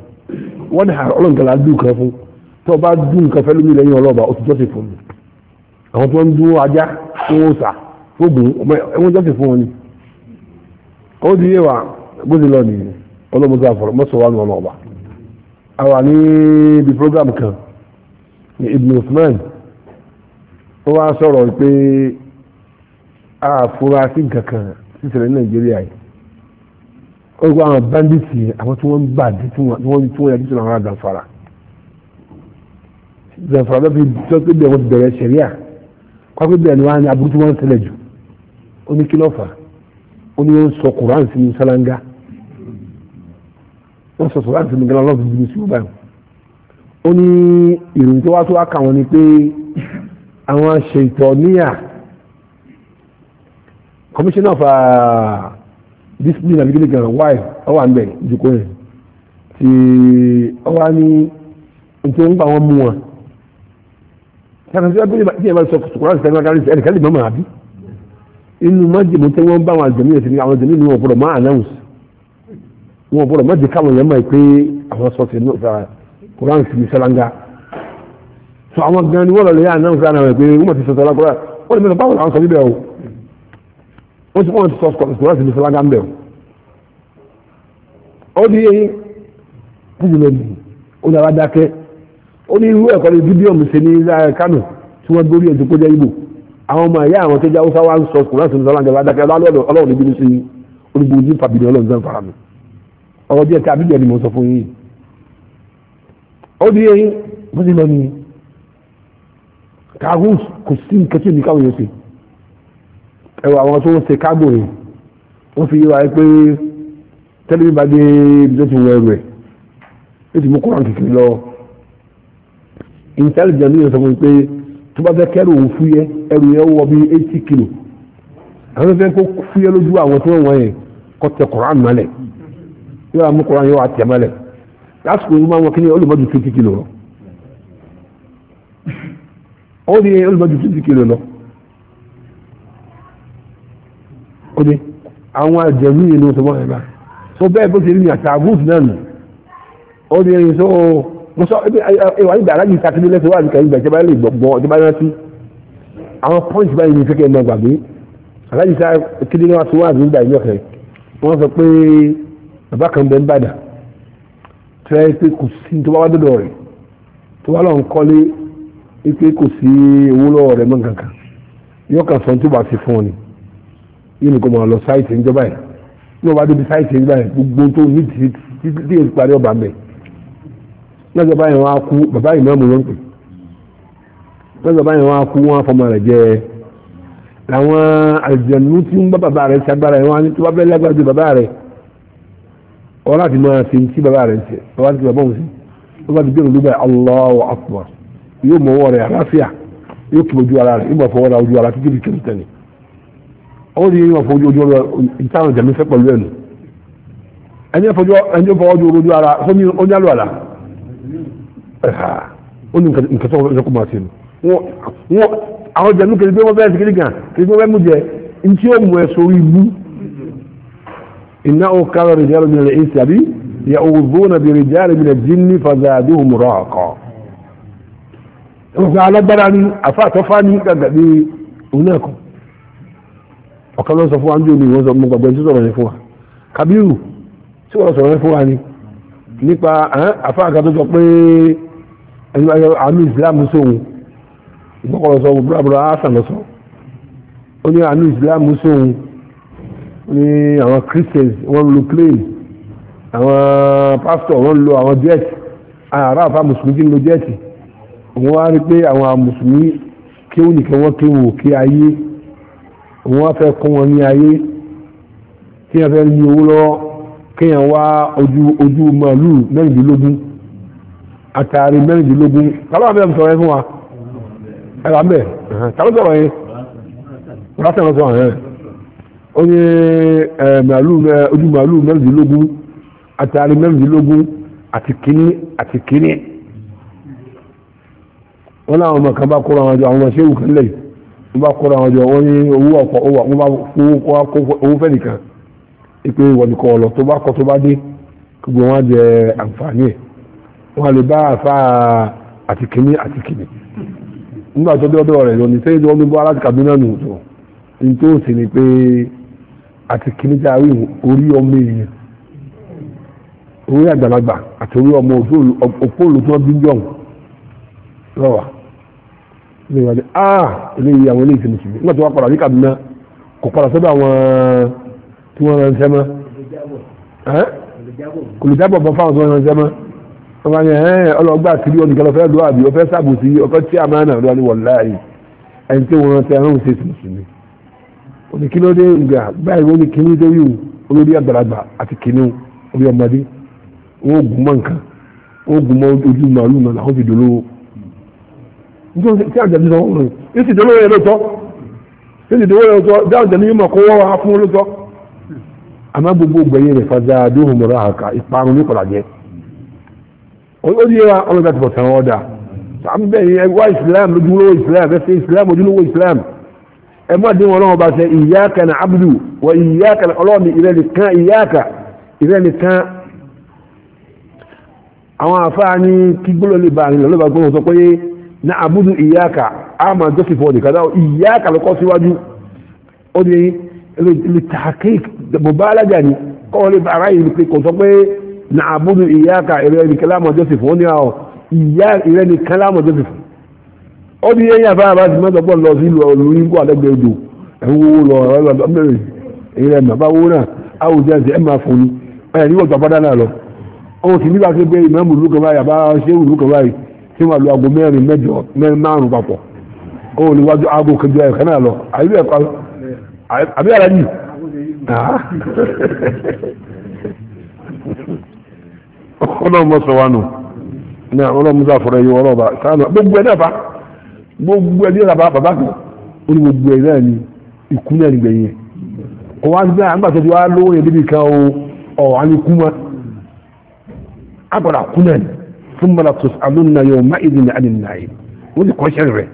A: wanhar ọlọ́run nìkan lákì fún tó bá dùn nǹkan fẹ́ lómi lẹ́yìn ọlọ́ba ó ti jọ́sìn fún mi àwọn tó ń dún ajá tó ń sà fóògùn ẹ̀wọ̀n jọ́sìn fún wọn ni ó di yé wa bó ti lọ nìyí ọlọ́mọdé àfọ̀rọ̀ mọ́sọ̀ wà ní ọlọ́ba àwa ní ibi program kan ní Ibn Usman ó wá sọ̀rọ̀ pé àfúrásì kankan sísẹ̀lẹ̀ ní Nàìjíríà yìí ó gbọ́ àwọn bandits àwọn tí wọ́n ń bàjẹ́ tí wọ́n yẹ kí tí wọ́n yà zamfara lọ́fi tó pé bẹ̀rẹ̀ wọ́n bẹ̀rẹ̀ sẹ̀ríà kó bẹ̀rẹ̀ ni wọ́n á ní aburú tí wọ́n ń ṣẹlẹ̀ jù ó ní kí lọ́fà ó ní wọ́n sọ kuran sí ní sálángá wọ́n sọ kuran sí ní gánà lọ́fi bí sí báyìí ó ní ìròyìn tó wá tó wá kà wọ́n ni pé àwọn ṣètò níyà commissioner of uh, discipline àbí gílẹ̀ gan wáyé ọwọ́ àmbẹ̀ ìdíkọ́ yẹn ti ọwọ́ á ní nítorí wọn mú wọn sàkàtà tí wọ́n bá bá sọ kùsùkùrọ̀ àti sàkàtà kárí ẹnì kálí mọ́mọ́ àbí inú májèmó tí wọ́n bá àwọn àjẹmí ẹ̀sìn ní àwọn àjẹmí ni wọ́n bọ̀rọ̀ máa announce wọ́n bọ̀rọ̀ má jẹ́ káwọn yẹn máa pé àwọn sọ́ọ̀sì ní ọ̀sà Quran sì ní sẹ́láńgá sọ àwọn gan ni wọ́n lọ lè yá announce ara rẹ̀ pé wọ́n ti sọ̀tọ̀ lágbára wọ́n lè mẹ́ta báwo làwọn sọ bíbẹ̀ o wọ́n ti wọ́n ti sọ Quran sì ní sẹ́láńgá o ó di eyín kújù lónìí ó dára dákẹ́ ó ní irú ẹ̀kọ́ ní bídíọ̀mù ṣe ní Kánò tí wọ́n gbórí ẹ̀jú kó jẹ́ Ìgbò àwọn ọmọ ẹ̀yà àwọn tó jẹ́ Haúsá wa ń sọ kùnà sí ìsọ̀rọ̀ àjọba dákẹ́ ọlọ́run níbi ní sí olùgbò ní fàbí ní ọlọ́run zan fara mi ọ̀rọ̀ díẹ̀ tí abídíọ̀ ni mo sọ fún yín ó di eyín bó ti lọ ní kagus kò sí nǹkan tí nìkan yóò ṣe ẹwà àwọn tó ń ṣe kágò yìí wọ́n fi yíwa pé tẹ́lifíbadé ibi tó ti wọ ẹrù ẹ̀ ó ti mú kúrọ̀ intelligent ní ìsọ̀kan pé tó bá fẹ́ kẹ́rù òun fúyẹ́ ẹrù yẹn wọ bí eighty kilo àwọn fẹ́ kó fúyẹ́ lójú àwọn tó wọ̀n yẹn kọ́ tẹ koran mọ́lẹ̀ yóò wá mú koran yóò wá tẹ̀ mọ́lẹ̀ lásìkò yìí máa ń wọ kí ni olùmọ́jú twenty kilo lọ ó ní olùmọ́jú twenty kilo lọ ó ní àwọn àjẹmí yìí ló sọ wọ́n yẹn bá so bẹ́ẹ̀ bó ti rí ni àtàgùn náà nù ó ní ẹyin sọ́ọ́ mo sọ ìwà ìgbà alájì sátidé lẹ́sẹ̀ wà nìkan ìgbà ìjọba lè gbọ́ ọjọ́ bá rántí àwọn pọ́ǹsì báyìí ní fẹ́kẹ́ mọ gbàgbé alájì sátidé náà sọ wà nígbà ìjọ kẹ wọ́n sọ pé bàbá kan bẹ́ẹ̀ ń bàdà tẹ́ pé kò sí tó bá wá dọ̀dọ̀ rẹ̀ tó bá lọ́n kọ́lé pé kò sí owó lọ́wọ́ rẹ̀ mọ́ kankan yóò kàn sọ tó bá ti fún ọ ni yìí nìkan mọ̀ lọ sáìtì ìjọba yìí ní wọ́n bá débi sáìtì ìjọba yìí gbogbo tó ní títí lọ́jọ́ báyìí wọ́n á kú bàbá ìmọ̀ọ́mù wọn pè lọ́jọ́ báyìí wọ́n á kú wọ́n á fọmọ rẹ̀ jẹ làwọn àjẹnú tí ń bá bàbá rẹ̀ ṣagbára wọn ni tó bá bẹ́ẹ̀ lágbára ju bàbá rẹ̀ ọ̀rọ̀ àti máa fi ti bàbá rẹ̀ ṣe bàbá ti bàbá òun sí wọ́n bá ti gbé olúbẹ̀ Allahu Akbar yóò mọ̀ wọ́n rẹ̀ àlàáfíà yóò kí ojú ara rẹ̀ yóò fọwọ́ ra ojú ara títí kí tẹ̀lé ọwọ́ ni yóò fọwọ́ ojú ara ìtàn ìjàmífẹ́ pẹ̀lú ẹnu ẹni fọwọ́ ojú ara fún mi ó ní ẹ̀hà ó ní nǹkan tó ọ̀rọ̀ kọ́mọ̀ àti ẹnu wọn àwọn jẹ̀nu kìí pé wọ́n bẹ́ẹ̀ sí kiri gan kìí pé wọ́n mú jẹ ntí ó mú ẹ sórí ibú iná ó kára rẹ̀ jẹ́ lómi rẹ̀ èsì àbí yà ó bó fún wa ní ìwọ́n sọ mo gbàgbọ́ sọ̀rọ̀ yẹn fún wa Kabiru tí wọ́n sọ̀rọ̀ yẹn fún wa ni nípa àfa àkàtọ́ sọ pé ẹni wáyé àánú ìsìláàmù sóhun ìgbọ́kọ̀rọ̀ sọ búrábúrá ásàn lọ sọ ó ní àánú ìsìláàmù sóhun ó ní àwọn christians wọ́n ń plane àwọn pastor wọ́n ń lo àwọn jet ará àfa mùsùlùmí kí ń lo jet òun wá rí pé àwọn mùsùlùmí kéwù nìkan wọ́n kéwù òkè ayé òun wá fẹ́ kún wọn ní ayé kí wọ́n fẹ́ ní owó lọ́wọ́ kéèyàn wá ojú ojú màálù mẹ́rìndínlógún àtàrí mẹ́rìndínlógún tàbí àbẹ́ sọ̀rọ̀ yẹn fún wa ẹ̀rọ àbẹ́ tàbí sọ̀rọ̀ yẹn rásẹ̀ lọ sọ̀rọ̀ yẹn ó ní ojú màálù mẹ́rìndínlógún àtàrí mẹ́rìndínlógún àti kínní àti kínní wọn làwọn ọmọ kan bá kóra wọn jọ àwọn ọmọ ṣéwù kan lẹ́yìn wọn bá kóra wọn jọ wọn ní owó ọ̀pọ̀ owó wọn bá owó fẹ́ nìkan ìpè wọn ni tó bá kọ́ tó bá dé gbogbo wọn jẹ àǹfààní ẹ̀ wọ́n lè bá àfá àtìkìní àtìkìní nígbà tó dọ́dọ̀ rẹ̀ lọ ní sẹ́yìn ọdún bọ́ aláti kàbínà nù tó ní tó sì ni pé àtìkìní jáwé orí ọmọ èèyàn orí àgbàlagbà àti orí ọmọ òpóòlù tó bí jọ̀hún lọ́wà ní ìwádìí ah eléyìí àwọn eléyìí ti mùsùlùmí nígbà tó wá padà ní kàbínà kò padà sọ́dọ̀ àwọn tí wọ́n rán sẹ́mọ́ kò lè jábọ̀ bọ́ fáwọn tí wọ́n rán sẹ́mọ́ ọba yẹn ẹ ọlọgbà kiri ọdún kẹlẹ ọfẹ lọ àbí ọfẹ sábòsí ọfẹ tí a máa nà lọ ní wọláyé ẹni tí wọn ti ẹran ṣe mùsùlùmí oníkílódé ìgbà báyìí wọn ni kíní tó yìí olórí àgbàlagbà àti kíní ọmọdé wọn gùn mọ nǹkan wọn gùn mọ ojú màálù fi nítorí tí ti sọ wọn rìn yẹn olórí wa ọlọ́dà ti bọ̀ sẹ́wọ́n ọ̀dà sàmbẹ́ ẹ wá islam lójúlówó islam ẹ ṣe islam ojúlówó islam ẹ má dín wọn bá ṣe iyyaka na abdu wa iyyaka na ọlọ́ọ̀ni ìrẹ́ nìkan iyyaka ìrẹ́ nìkan àwọn kí gbọ́dọ̀ lè gbọ́dọ̀ sọ na abudu iyyaka a máa jọ́sì lọ́kọ́ síwájú ní lè tàkì bá ara yìí pé na'budu iyyaka ìrẹ́ ní kẹlámọ̀ joseph ó ní àwọ̀ ìyá ìrẹ́ ní kẹlámọ̀ joseph ó ní yẹn yàrá bá ti mẹ́tọ̀ pọ̀ lọ sí ìlú ọ̀lú yín kó àlẹ́gbẹ̀ẹ́ odò ẹ̀wọ́ lọ ọ̀rọ̀ ọ̀bẹ̀rẹ̀ ìrẹ́ bàbá wo náà àwùjọ ẹ̀sẹ̀ ẹ̀ máa fún ni ẹ̀ ní wọ́n tọ́pọ́dá náà lọ ohun sì nígbà pé ìmọ̀mù ìlú kan báyìí àbá ṣéwù ìlú kan báyìí tí wọ́n lu aago mẹ́rin mẹ́jọ mẹ́rin márùn papọ̀ ohun níwájú aago kẹjọ ẹ̀ka náà lọ àbí ẹ̀kọ́ ọlọ́run mọ́ sọ̀wánù ní ọlọ́run mọ́sá fọ́rọ̀ yìí ọlọ́ba sànù gbogbo ẹ̀ náà fa gbogbo ẹ̀ náà fa bàbá kan ó ní gbogbo ẹ̀ náà ni ikú náà gbẹ̀yìn wá lówó yẹn débi kan o ní kú kú náà ni fún mọ́ra tó náà yóò má ìdí ní náà yìí ó kọ́ṣẹ́ rẹ̀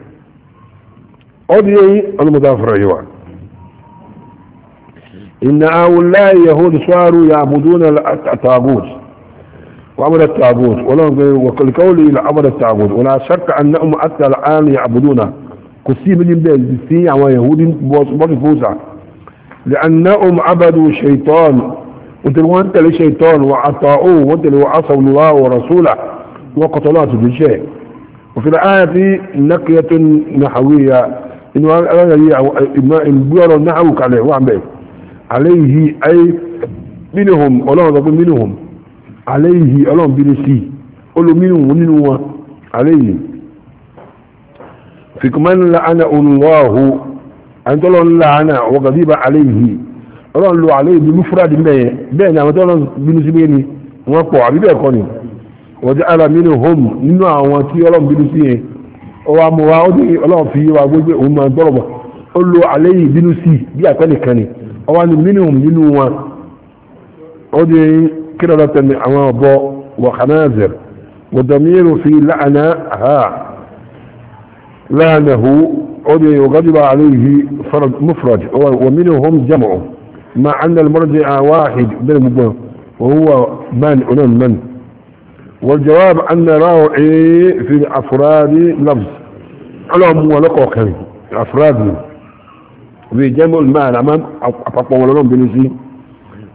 A: وعمل التعبود ولقوله عبد التعبود ولا شك أنهم حتى الآن يعبدونه كسي من يمدين بسي عما يهود بوصبات لأنهم عبدوا شيطان وانت لو انت لشيطان وعطاؤه وانت لو عصوا الله ورسوله وقتلاته بالشيء وفي الآية نقية نحوية إنه إن بيروا نحوك عليه وعن عليه أي منهم ولا منهم aléyìí ọlọ́run bínú sí olómìnú nínú wọn aléyìí fìkùmánù la'ana olùwàhù àtọ́lọ́ la'ana wọ̀gàdìbà aléyìí ọlọ́run lo aléyìí bínú fúradì mẹ́yẹ bẹ́ẹ̀ ni àwọn tọ́lọ́ bínú sí bẹ́ẹ̀ wọ́n pọ̀ àbí kọ́ ni wọ́dí ara mi ní nínú àwọn tí ọlọ́run sí yẹn ọwọ́ amúwa ó fi òun máa gbọ́rọ̀ ó lo bínú sí bí àpẹ́ nìkan كلا لا تنمي وخنازر وضمير في لعنة ها لعنه عدي وغضب عليه فرد مفرج ومنهم جمع مع أن المرجع واحد بين وهو من أنم من والجواب أن راعي في الأفراد لفظ علم ولقو كريم الأفراد في جمع المال أمام أطول لهم بنسي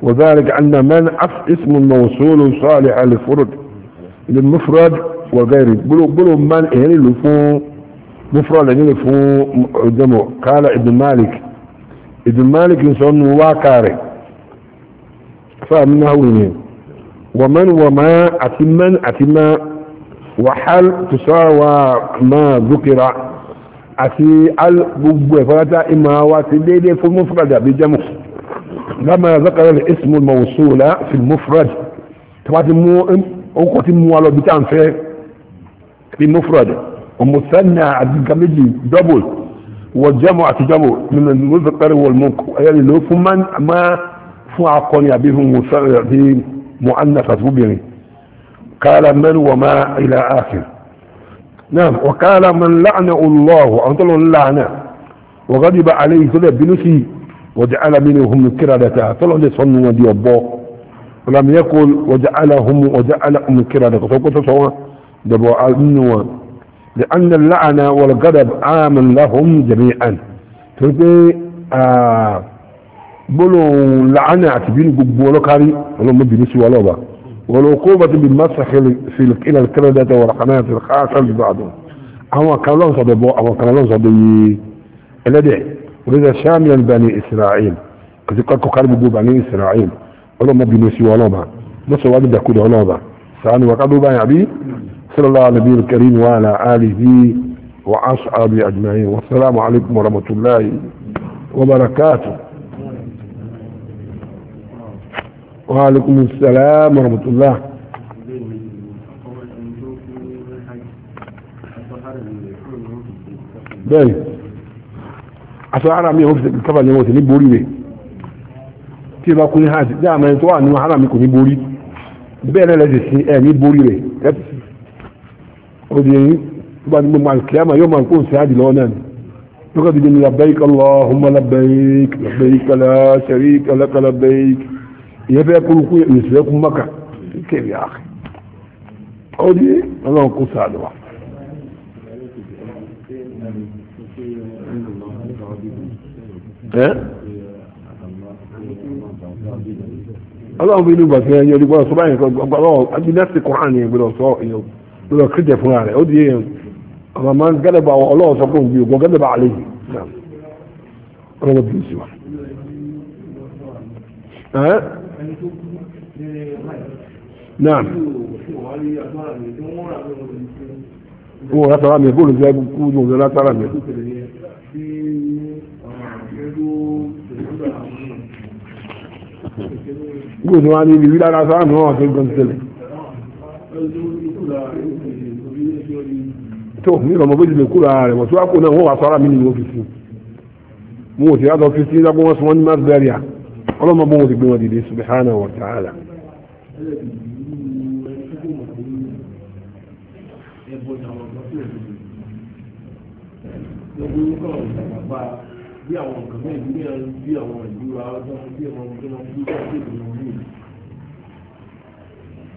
A: وذلك أن من عف اسم موصول صالح للفرد للمفرد وغيره بلو بلو من اهل لفو مفرد إهلي لفو جمع قال ابن مالك ابن مالك يسمى واكاري هو ومن ومن وما أتمن أتما وحل تساوى ما ذكر أتي البوبوة فلتا إما واتي ديدي في المفرد بجمع لما ذكر الاسم الموصول في المفرد تبعت مو اوقات مو على بتاع في المفرد ومثنى عبد كمجي دبل والجمع تجمع من المذكر والمنكر يعني لو فمن ما فعقون يبيهم في مؤنثة ببني قال من وما إلى آخر نعم وقال من لعن الله أنت لعنة وغضب عليه كذا بنسي وجعل منهم كردة فلو دي صنوا دي أبو ولم يقل وجعلهم وجعلهم كردة فقلت صور دبوا عالمنوا لأن اللعنة والغضب عام لهم جميعا تلقي آه، بلو لعنة تبين قبولة كاري ولو مبيني سوى لوبا قوبة بالمسح في إلى الكردة والحنات الخاصة لبعضهم أما كان لهم صدبوا أما كان لهم صدبوا الذي ولذا شامل بني إسرائيل قد قلقوا قلب بني إسرائيل ولما بنسي ولما نسوا والد ولو ما سعان وقالوا بها يعبي صلى الله على نبي الكريم وعلى آله وأصحابه أجمعين والسلام عليكم ورحمة الله وبركاته وعليكم السلام ورحمة الله بيه aṣọ ara mi ò fi kábà ní wọn sì ní borí rẹ̀ tí ìbá kú ní hajj ní àmọ́ ẹni tó wà nínú ara mi kò ní borí bẹ́ẹ̀ náà lẹ́sẹ̀ sí ẹ̀ ní borí rẹ̀ lẹ́sẹ̀ sí obìnrin tó bá ní gbogbo àkíyàmà yóò máa ń kóhùn sí hajj lọ́wọ́ náà ni lókè tó ní labbaik allahumma labbaik labbaik la sharika laka labbaik ìyẹn fẹ́ kúrú kú ọlọ́run bí inú ìgbà tí ẹyẹ olùgbọ́ ọ̀sọ́ báyìí kan gbọ́ ọ̀rọ̀ abinasi Quran yẹn gbọ́dọ̀ sọ èèyàn gbọ́dọ̀ kéde fúnra rẹ̀ ó di èèyàn ọ̀rọ̀ máa ń gẹ́dẹ̀bà ọlọ́run sọ fún òbí ògbọ́n gẹ́dẹ̀bà àlẹ́ yìí ọlọ́run bí sí wa. naam wọ́n rà mi bóòlù jẹ́ kú ní òun rà sára mi. gbogbo wa ní ibi wí lára sáà náà tó gbọ́n tẹ́lẹ̀ tó ní ọmọ bó tilẹ̀ kúra rẹ̀ wọ́n tó wá kó náà wọ́n wà sára mi ní ọ́fíìsì mo ò sì rá lọ fi sí lágbó wọn sọ wọn ní mass ọlọ́mọ bó wọn ti gbé wọn dìde subhanahu wa ta'ala.
B: Thank you bí àwọn nǹkan mẹ́rin bí àwọn bí àwọn ìlú àwọn bí àwọn ọmọ tó máa ń bí wọ́n tó ìlú wọn ní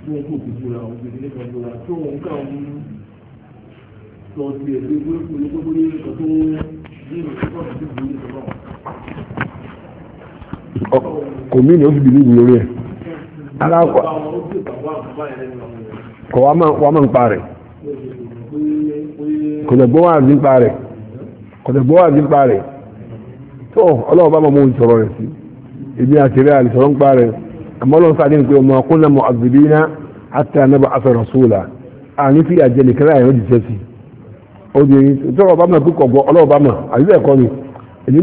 B: bí wọn kò kò kúra àwọn òbí nípa ìlúra tó wọn kà ń sọ sí ẹgbẹ́ pé kò ní gbogbo ní ẹ̀kọ́ tó ní ìrọ̀lẹ́kọ̀ọ́ tó ti di ìrọ̀lẹ́kọ̀ọ́
A: kò mí ni ó fi bìlíìbù lórí ẹ̀ ara kọ́ kọ́ wa máa ń pa rẹ̀ kò lè gbọ́ wà ní pa rẹ̀ kò lè gbọ́ wà ní pa rẹ̀. tó ọlọ́ọ̀bá máa mụ ìṣòro rẹ̀ sí ibi na àlìṣòro ń parẹ́ àmọ́ lọ́n sáà dín pé ọmọ akúnnà mọ àbìbínà àti ànábà àfẹ́rọ̀ sóòlà àní fi àjẹ nìkẹ́rẹ́ àyẹ̀wò sí tó pé kọ̀gbọ́ ẹ̀kọ́ ni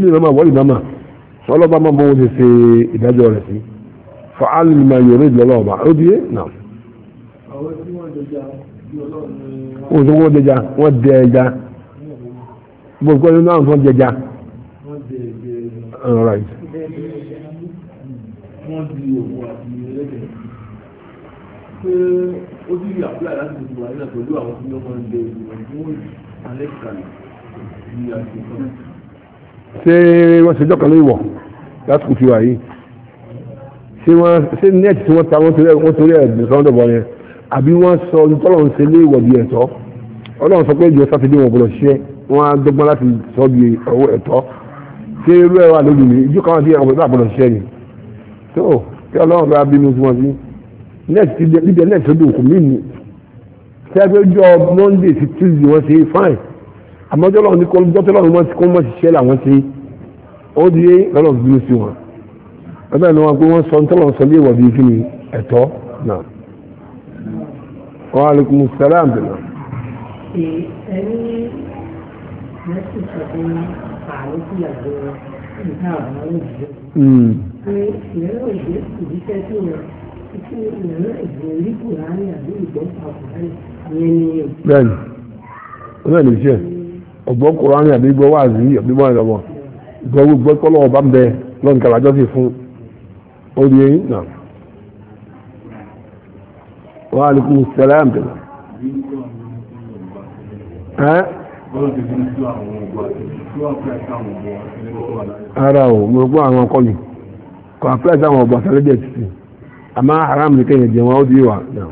A: wọ́n ṣe ìdájọ́ di
B: all right. wọ́n di òwò àti ẹlẹ́dẹ̀ẹ́ láti ìgbà nígbà pẹ̀lú
A: yìí alẹ́ wọ́n ṣe nẹ́ẹ̀tì tí wọ́n ta wọ́n torí ẹ̀ sọ́dọ̀ yẹn àbí wọ́n sọ tọ́lọ̀ ń ṣe léwọ̀ bí ẹ̀tọ́ ọlọ́run sọ pé ìjọ sátidé wọn gbọdọ̀ ṣiṣẹ́ wọ́n á dọ́gbọ́n láti sọ bí ẹ̀tọ́ ṣé irú ẹ wà lójú mi ìjú kan sí ẹ̀kọ́ àpọ̀lọ̀ ṣiṣẹ́ ni tó kí ọlọ́run bá bínú sí wọn sí next ibẹ̀ next tó dùn kù mí ni sẹ́gbẹ́jọ́ monday sí tuesday wọ́n ṣe fine àmọ́jọ́ lọ́run ní kó jọ́tọ́ lọ́run wọ́n ti kó wọ́n ṣiṣẹ́ làwọn ṣe ó di lọ́rọ̀ bínú sí wọn ẹgbẹ́ ni wọ́n pé wọ́n sọ ní tọ́lọ̀ sọ léèwọ̀ bíi kí ni ẹ̀tọ́ náà wa alaikum salaam bìnnà.
B: ẹni mẹ́sì sọ pé 法律不讲究，你看我们问题。嗯。因为人类学习在做，就是人类有一部分人有多少人年龄？
A: 对，我那里去，我 gbọ́ kuraani àbí gbọ́ wáàzí àbí gbọ́ ẹ̀rọ wọn gbọ́ gbọ́ ọba bẹ lọ́nù kàlájọ́ sí fún ó di náà wàhálà kùsùlẹ̀ àmì ara o mo gbọ́ àwọn ọkọ ni kò àpẹ́sì àwọn ọgbà sálẹ́jẹ̀ títì àmọ́ haram ní kẹ́yìn jẹun ó di wà náà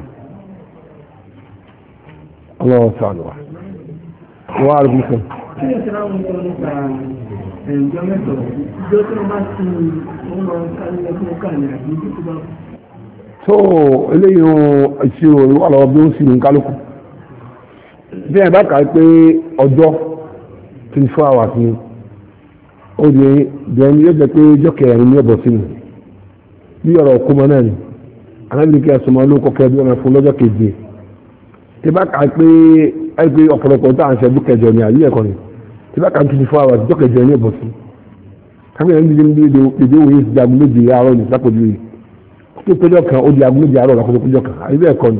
A: ọlọ́wọ́ sàánù wa wọ́n á rúkú
B: sàn. tó bá.
A: tó eléyìí ìṣirò wà lọ́wọ́ bí ó sì ń kálukú bí ẹ bá kà pé ọjọ́ twenty four hours ni ó di bẹ́ẹ̀ni yóò jẹ́ pé ọjọ́ kẹrin ní ọ̀bọ̀ sínú bí ọ̀rọ̀ ọ̀kúmọ náà ni alábìlíkẹ́ ẹ̀sùnmọ́ ló kọ́kẹ́ bí ọ̀nà fún lọ́jọ́ keje tí bá kà pé ẹgbẹ́ ọ̀pọ̀lọpọ̀ tó à ń ṣe ọdún kẹjọ ni àbí ẹ̀kọ́ ni tí bá kà twenty four hours ọjọ́ kẹjọ ní ọ̀bọ̀ sí kábíyà ní dídé dídé wòye ti aago méje àárọ̀ ní sápòdì rẹ̀ kó péjọ kan ó di aago méje àárọ̀ lákòókò péjọ kan àbí bẹ́ẹ̀ kọ́ ni.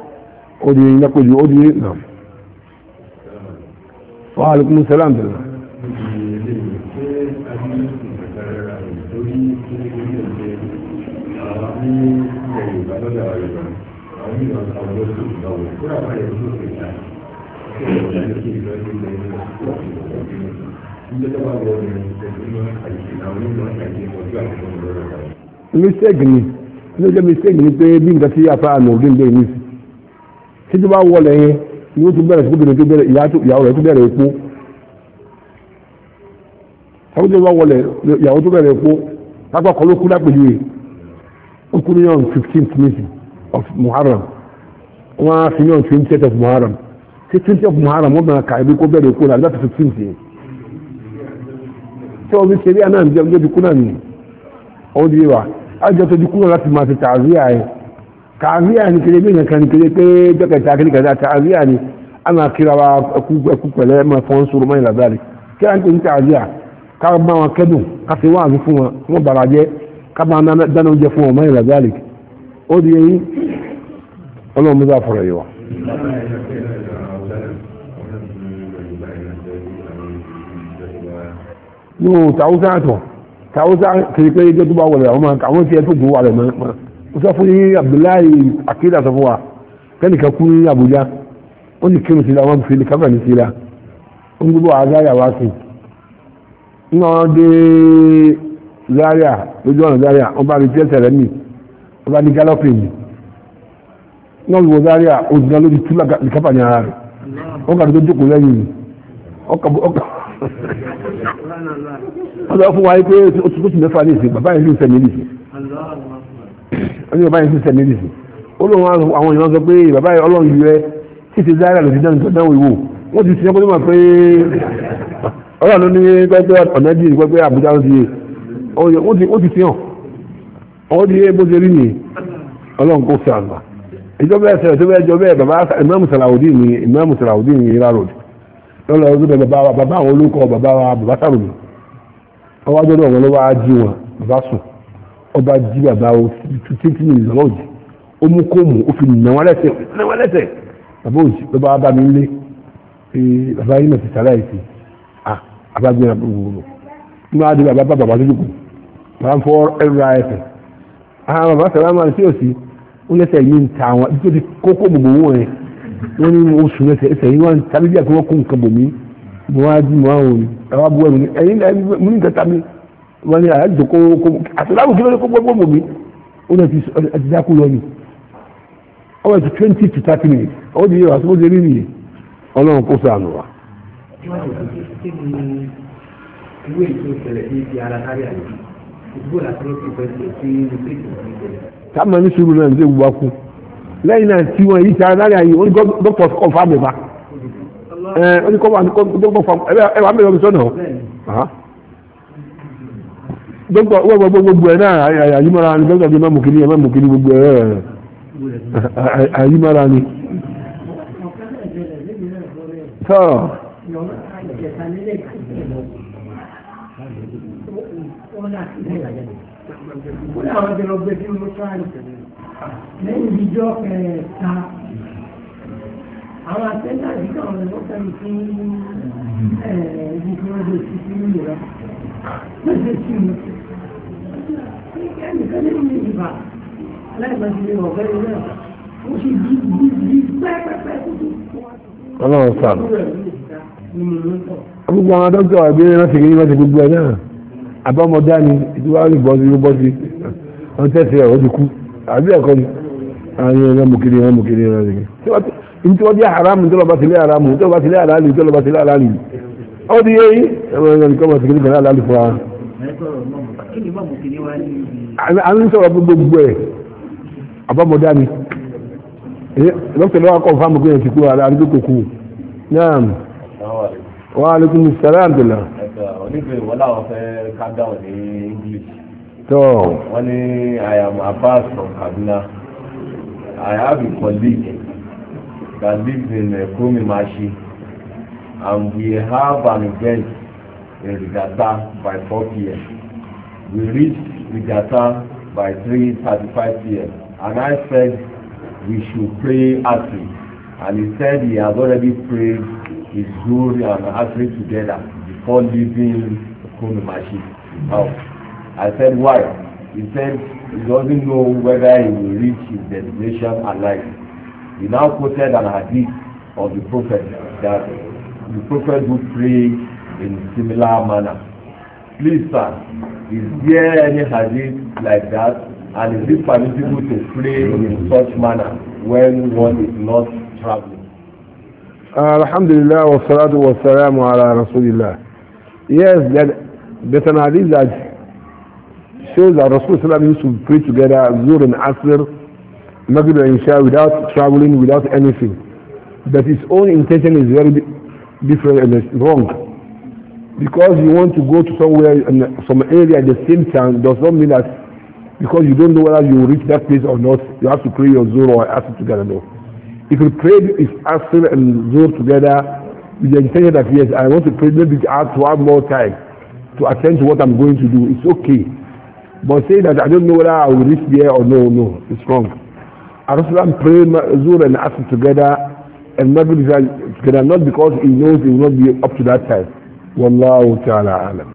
A: odi nakoju odi nam wa alaikum salam dala mistake ni ló jẹ́ mistake ni pé bí nǹkan tí apá àmọ̀ ògbéǹde ní sí títí bá wọlé yẹn ni ó tún bẹ̀rẹ̀ sí kóbìnrin tó bẹ̀rẹ̀ ìyàwó rẹ̀ tó bẹ̀rẹ̀ epo àwọn tó bá wọlé ìyàwó tó bẹ̀rẹ̀ epo lápá kan ló kú lápèjú yìí ó kú ní yàn fifteenth meeting of Muharram wọn á fi yàn twentieth of Muharram tí twentieth of Muharram wọn bẹ̀rẹ̀ kàìbí kó bẹ̀rẹ̀ epo láti fifteenth yẹn tí wọn fi ṣeré àná àti ọjọ́ ti kú náà nìyí ọ̀hún ti yé wa àjọ tó ti kú láti máa ti tààzí àyè. ka ni kele bin kan kele pe daga takiri kaza ta'aziyya ne ana kirawa ku pẹ̀lẹ́ ma fon mai la dalik ke an kun ka ma wa kadu ka fi wa fún wa mo baraje ka ma na dano je fún mai la dalik o di yi Ọlọ́run mu za yi wa ó sọ fún yín abdullahi akéda sọ fún wa kẹ́nìkan kú ní abuja ó ní kírun sí la wọ́n fi kábà ní sí la ó ń gbogbo àgáyà wá sí i ní wọ́n dé zaria lójú ọ̀nà zaria wọ́n bá rí jẹ́sẹ̀ rẹ̀ mì wọ́n bá ní galloping mi ní wọ́n wọ zaria ó lójú tú ní kábà ní ara rẹ̀ wọ́n kàdé tó jókòó lẹ́yìn mi ọkọ̀ fún wa pé ó ti mẹ́fà ní ìsìn bàbá yìí ń sẹ́yìn nìyí wọ́n ní bàbá yẹn sísẹ̀ méjì sí ó lóun àwọn èèyàn sọ pé bàbá yẹn ọlọ́run yìí rẹ sì ti zára lòdì náà nítorí náà wíwò wọ́n ti sẹ́kọ́ tó mọ̀ pé ọlọ́run ní pẹ́pẹ́ ọ̀nà bíi pẹ́pẹ́ àbújá ló ti wọ́n ti fi hàn ọwọ́ ti yé bó ṣe rí ni ọlọ́run kò fi àgbà ìjọba ẹsẹ̀ tó bẹ́ẹ̀ jọ bẹ́ẹ̀ bàbá imam salawudeen ni imam salawudeen ni ira road lọ́la ọdún bẹ́ẹ̀ bàbá wa bàbá àwọn olókọ́ bàbá wa bàbá sàrùmí ọwọ́ adọ́dọ̀ wọn ló wá jí wọn bàbá sùn ọba jí bàbá o títí ní ìlọ́wọ́ òjì ó mú kóòmù ó fi nà wọ́n lẹ́sẹ̀ nà wọ́n lẹ́sẹ̀ bàbá òjì ló bá bá mi lé ee bàbá yìí mẹ̀sì sàlẹ̀ yìí sí à abágbé náà gbogbo gbogbo nínú àdé bàbá bá bàbá lójú kù bàbá ń fọ ẹrù ra ẹsẹ̀ àwọn bàbá sọ̀rọ̀ àwọn àti òsì ó lẹ́sẹ̀ yìí ń ta àwọn ibi kókó gbogbo wọn yẹn wọ́n ní oṣù lẹ́sẹ̀ ẹsẹ̀ yìí wọ́n tàbí bí àkọ́kọ́ nǹkan bò mí mo wá dì mo wá wò ní àwọn abúlé mi ẹ̀yìn wọ́n ní àyájò kó kó àtàláwò kí ló ní kó gbogbo mòmí ó lè ti dákú lọ ni ọwọ́ ti twenty to thirty minutes ó di ìwà sọ́kó lérí nìyí ọlọ́run kó sànù wa.
B: ìwé ìtòsẹ̀lẹ̀ bíi ti ara kárí àyè ìdúgbò làtọ́ ti fẹ́ ṣe sí ilé ìtòsẹ̀lẹ̀.
A: ká máa ní sùúrù náà ní ṣe gbogbo akú lẹ́yìn náà tí wọ́n yí ti ara kárí àyè ó ní dókítà kọ́ fáàmì fa ẹ̀ ó ní kọ́ wà ní dókítà fáàmì ẹ̀ wà mẹ́rin ọ̀bí sọ́nà ọ̀ dọ́kítà wọ́n gbogbo ẹ̀ náà àyímára ni dọ́kítà bí mẹ́mù kìíní ẹ̀ mẹ́mù kìíní gbogbo ẹ̀ àyímára ni. tọ́
B: lẹ́yìn ìjọ kẹta àwọn àtẹ́ńtà yìí náà wọ́n fẹ́ mi fún ẹ̀ẹ́dì tí wọ́n lè fi ẹnìkan ọlọ́run sàn gbogbo
A: àwọn dókítà ìbéèrè náà ṣègbè nígbà tí gbogbo ẹ̀ àbámọ́dá ni ìdíwá lè bọ́ sí ló wọ́n tẹ̀sí ẹ̀ wọ́n ti kú àbí ẹ̀kọ́ ni àárín ẹ̀rọ mùkiri ẹ̀rọ mùkiri ẹ̀rọ mùkiri ntí wọ́n jẹ́ haramu tó lọ bá tilé haramu tó lọ bá tilé halali tó lọ bá tilé halali ọ́ di yé yìí ẹ̀rọ ẹ̀rọ nìkan bá tilé halali fún wa
B: a
A: ń sọ̀rọ̀ gbogbo ẹ̀ àbámọ̀dá ni dókítà lọ́wọ́ kọ̀ fáwọn ọmọkùnrin ti kú ara àdúgbò kòkó náà wà á lókun sàrẹ́ àdùlà.
B: oníbẹ̀ wọn fẹ́ ká dáwọn ní English. wọ́n ní I Abbas from Kaduna I have a colleague that lives in uh, Kumimashi and we have an event in Rigata by four pm. We reached Bigata by three thirty-five p.m. And I said we should pray Asri. And he said he has already prayed his Zuhr and Asri together before leaving Kunumashi house. I said why? He said he doesn't know whether he will reach his destination alive. He now quoted an hadith of the prophet that the prophet would pray in similar manner. Please, sir, Is there any hadith like that? And is it permissible to pray in such manner when one is not traveling?
A: Uh, Alhamdulillah wa salatu wa salamu ala Rasulillah. Yes, that, that's an hadith that shows that Rasulullah used to pray together Zuhr and Asr, Maghrib and Isha without traveling, without anything. That his own intention is very different and wrong because you want to go to somewhere in some area at the same time does not mean that because you don't know whether you will reach that place or not you have to pray your zoro or ask together no if you pray if asr and zoro together with the intention that yes I want to pray maybe to have more time to attend to what I'm going to do it's okay but say that I don't know whether I will reach there or no no it's wrong I just want to pray zoro and ask together and Maghrib together not because he knows he will not be up to that time والله تعالى أعلم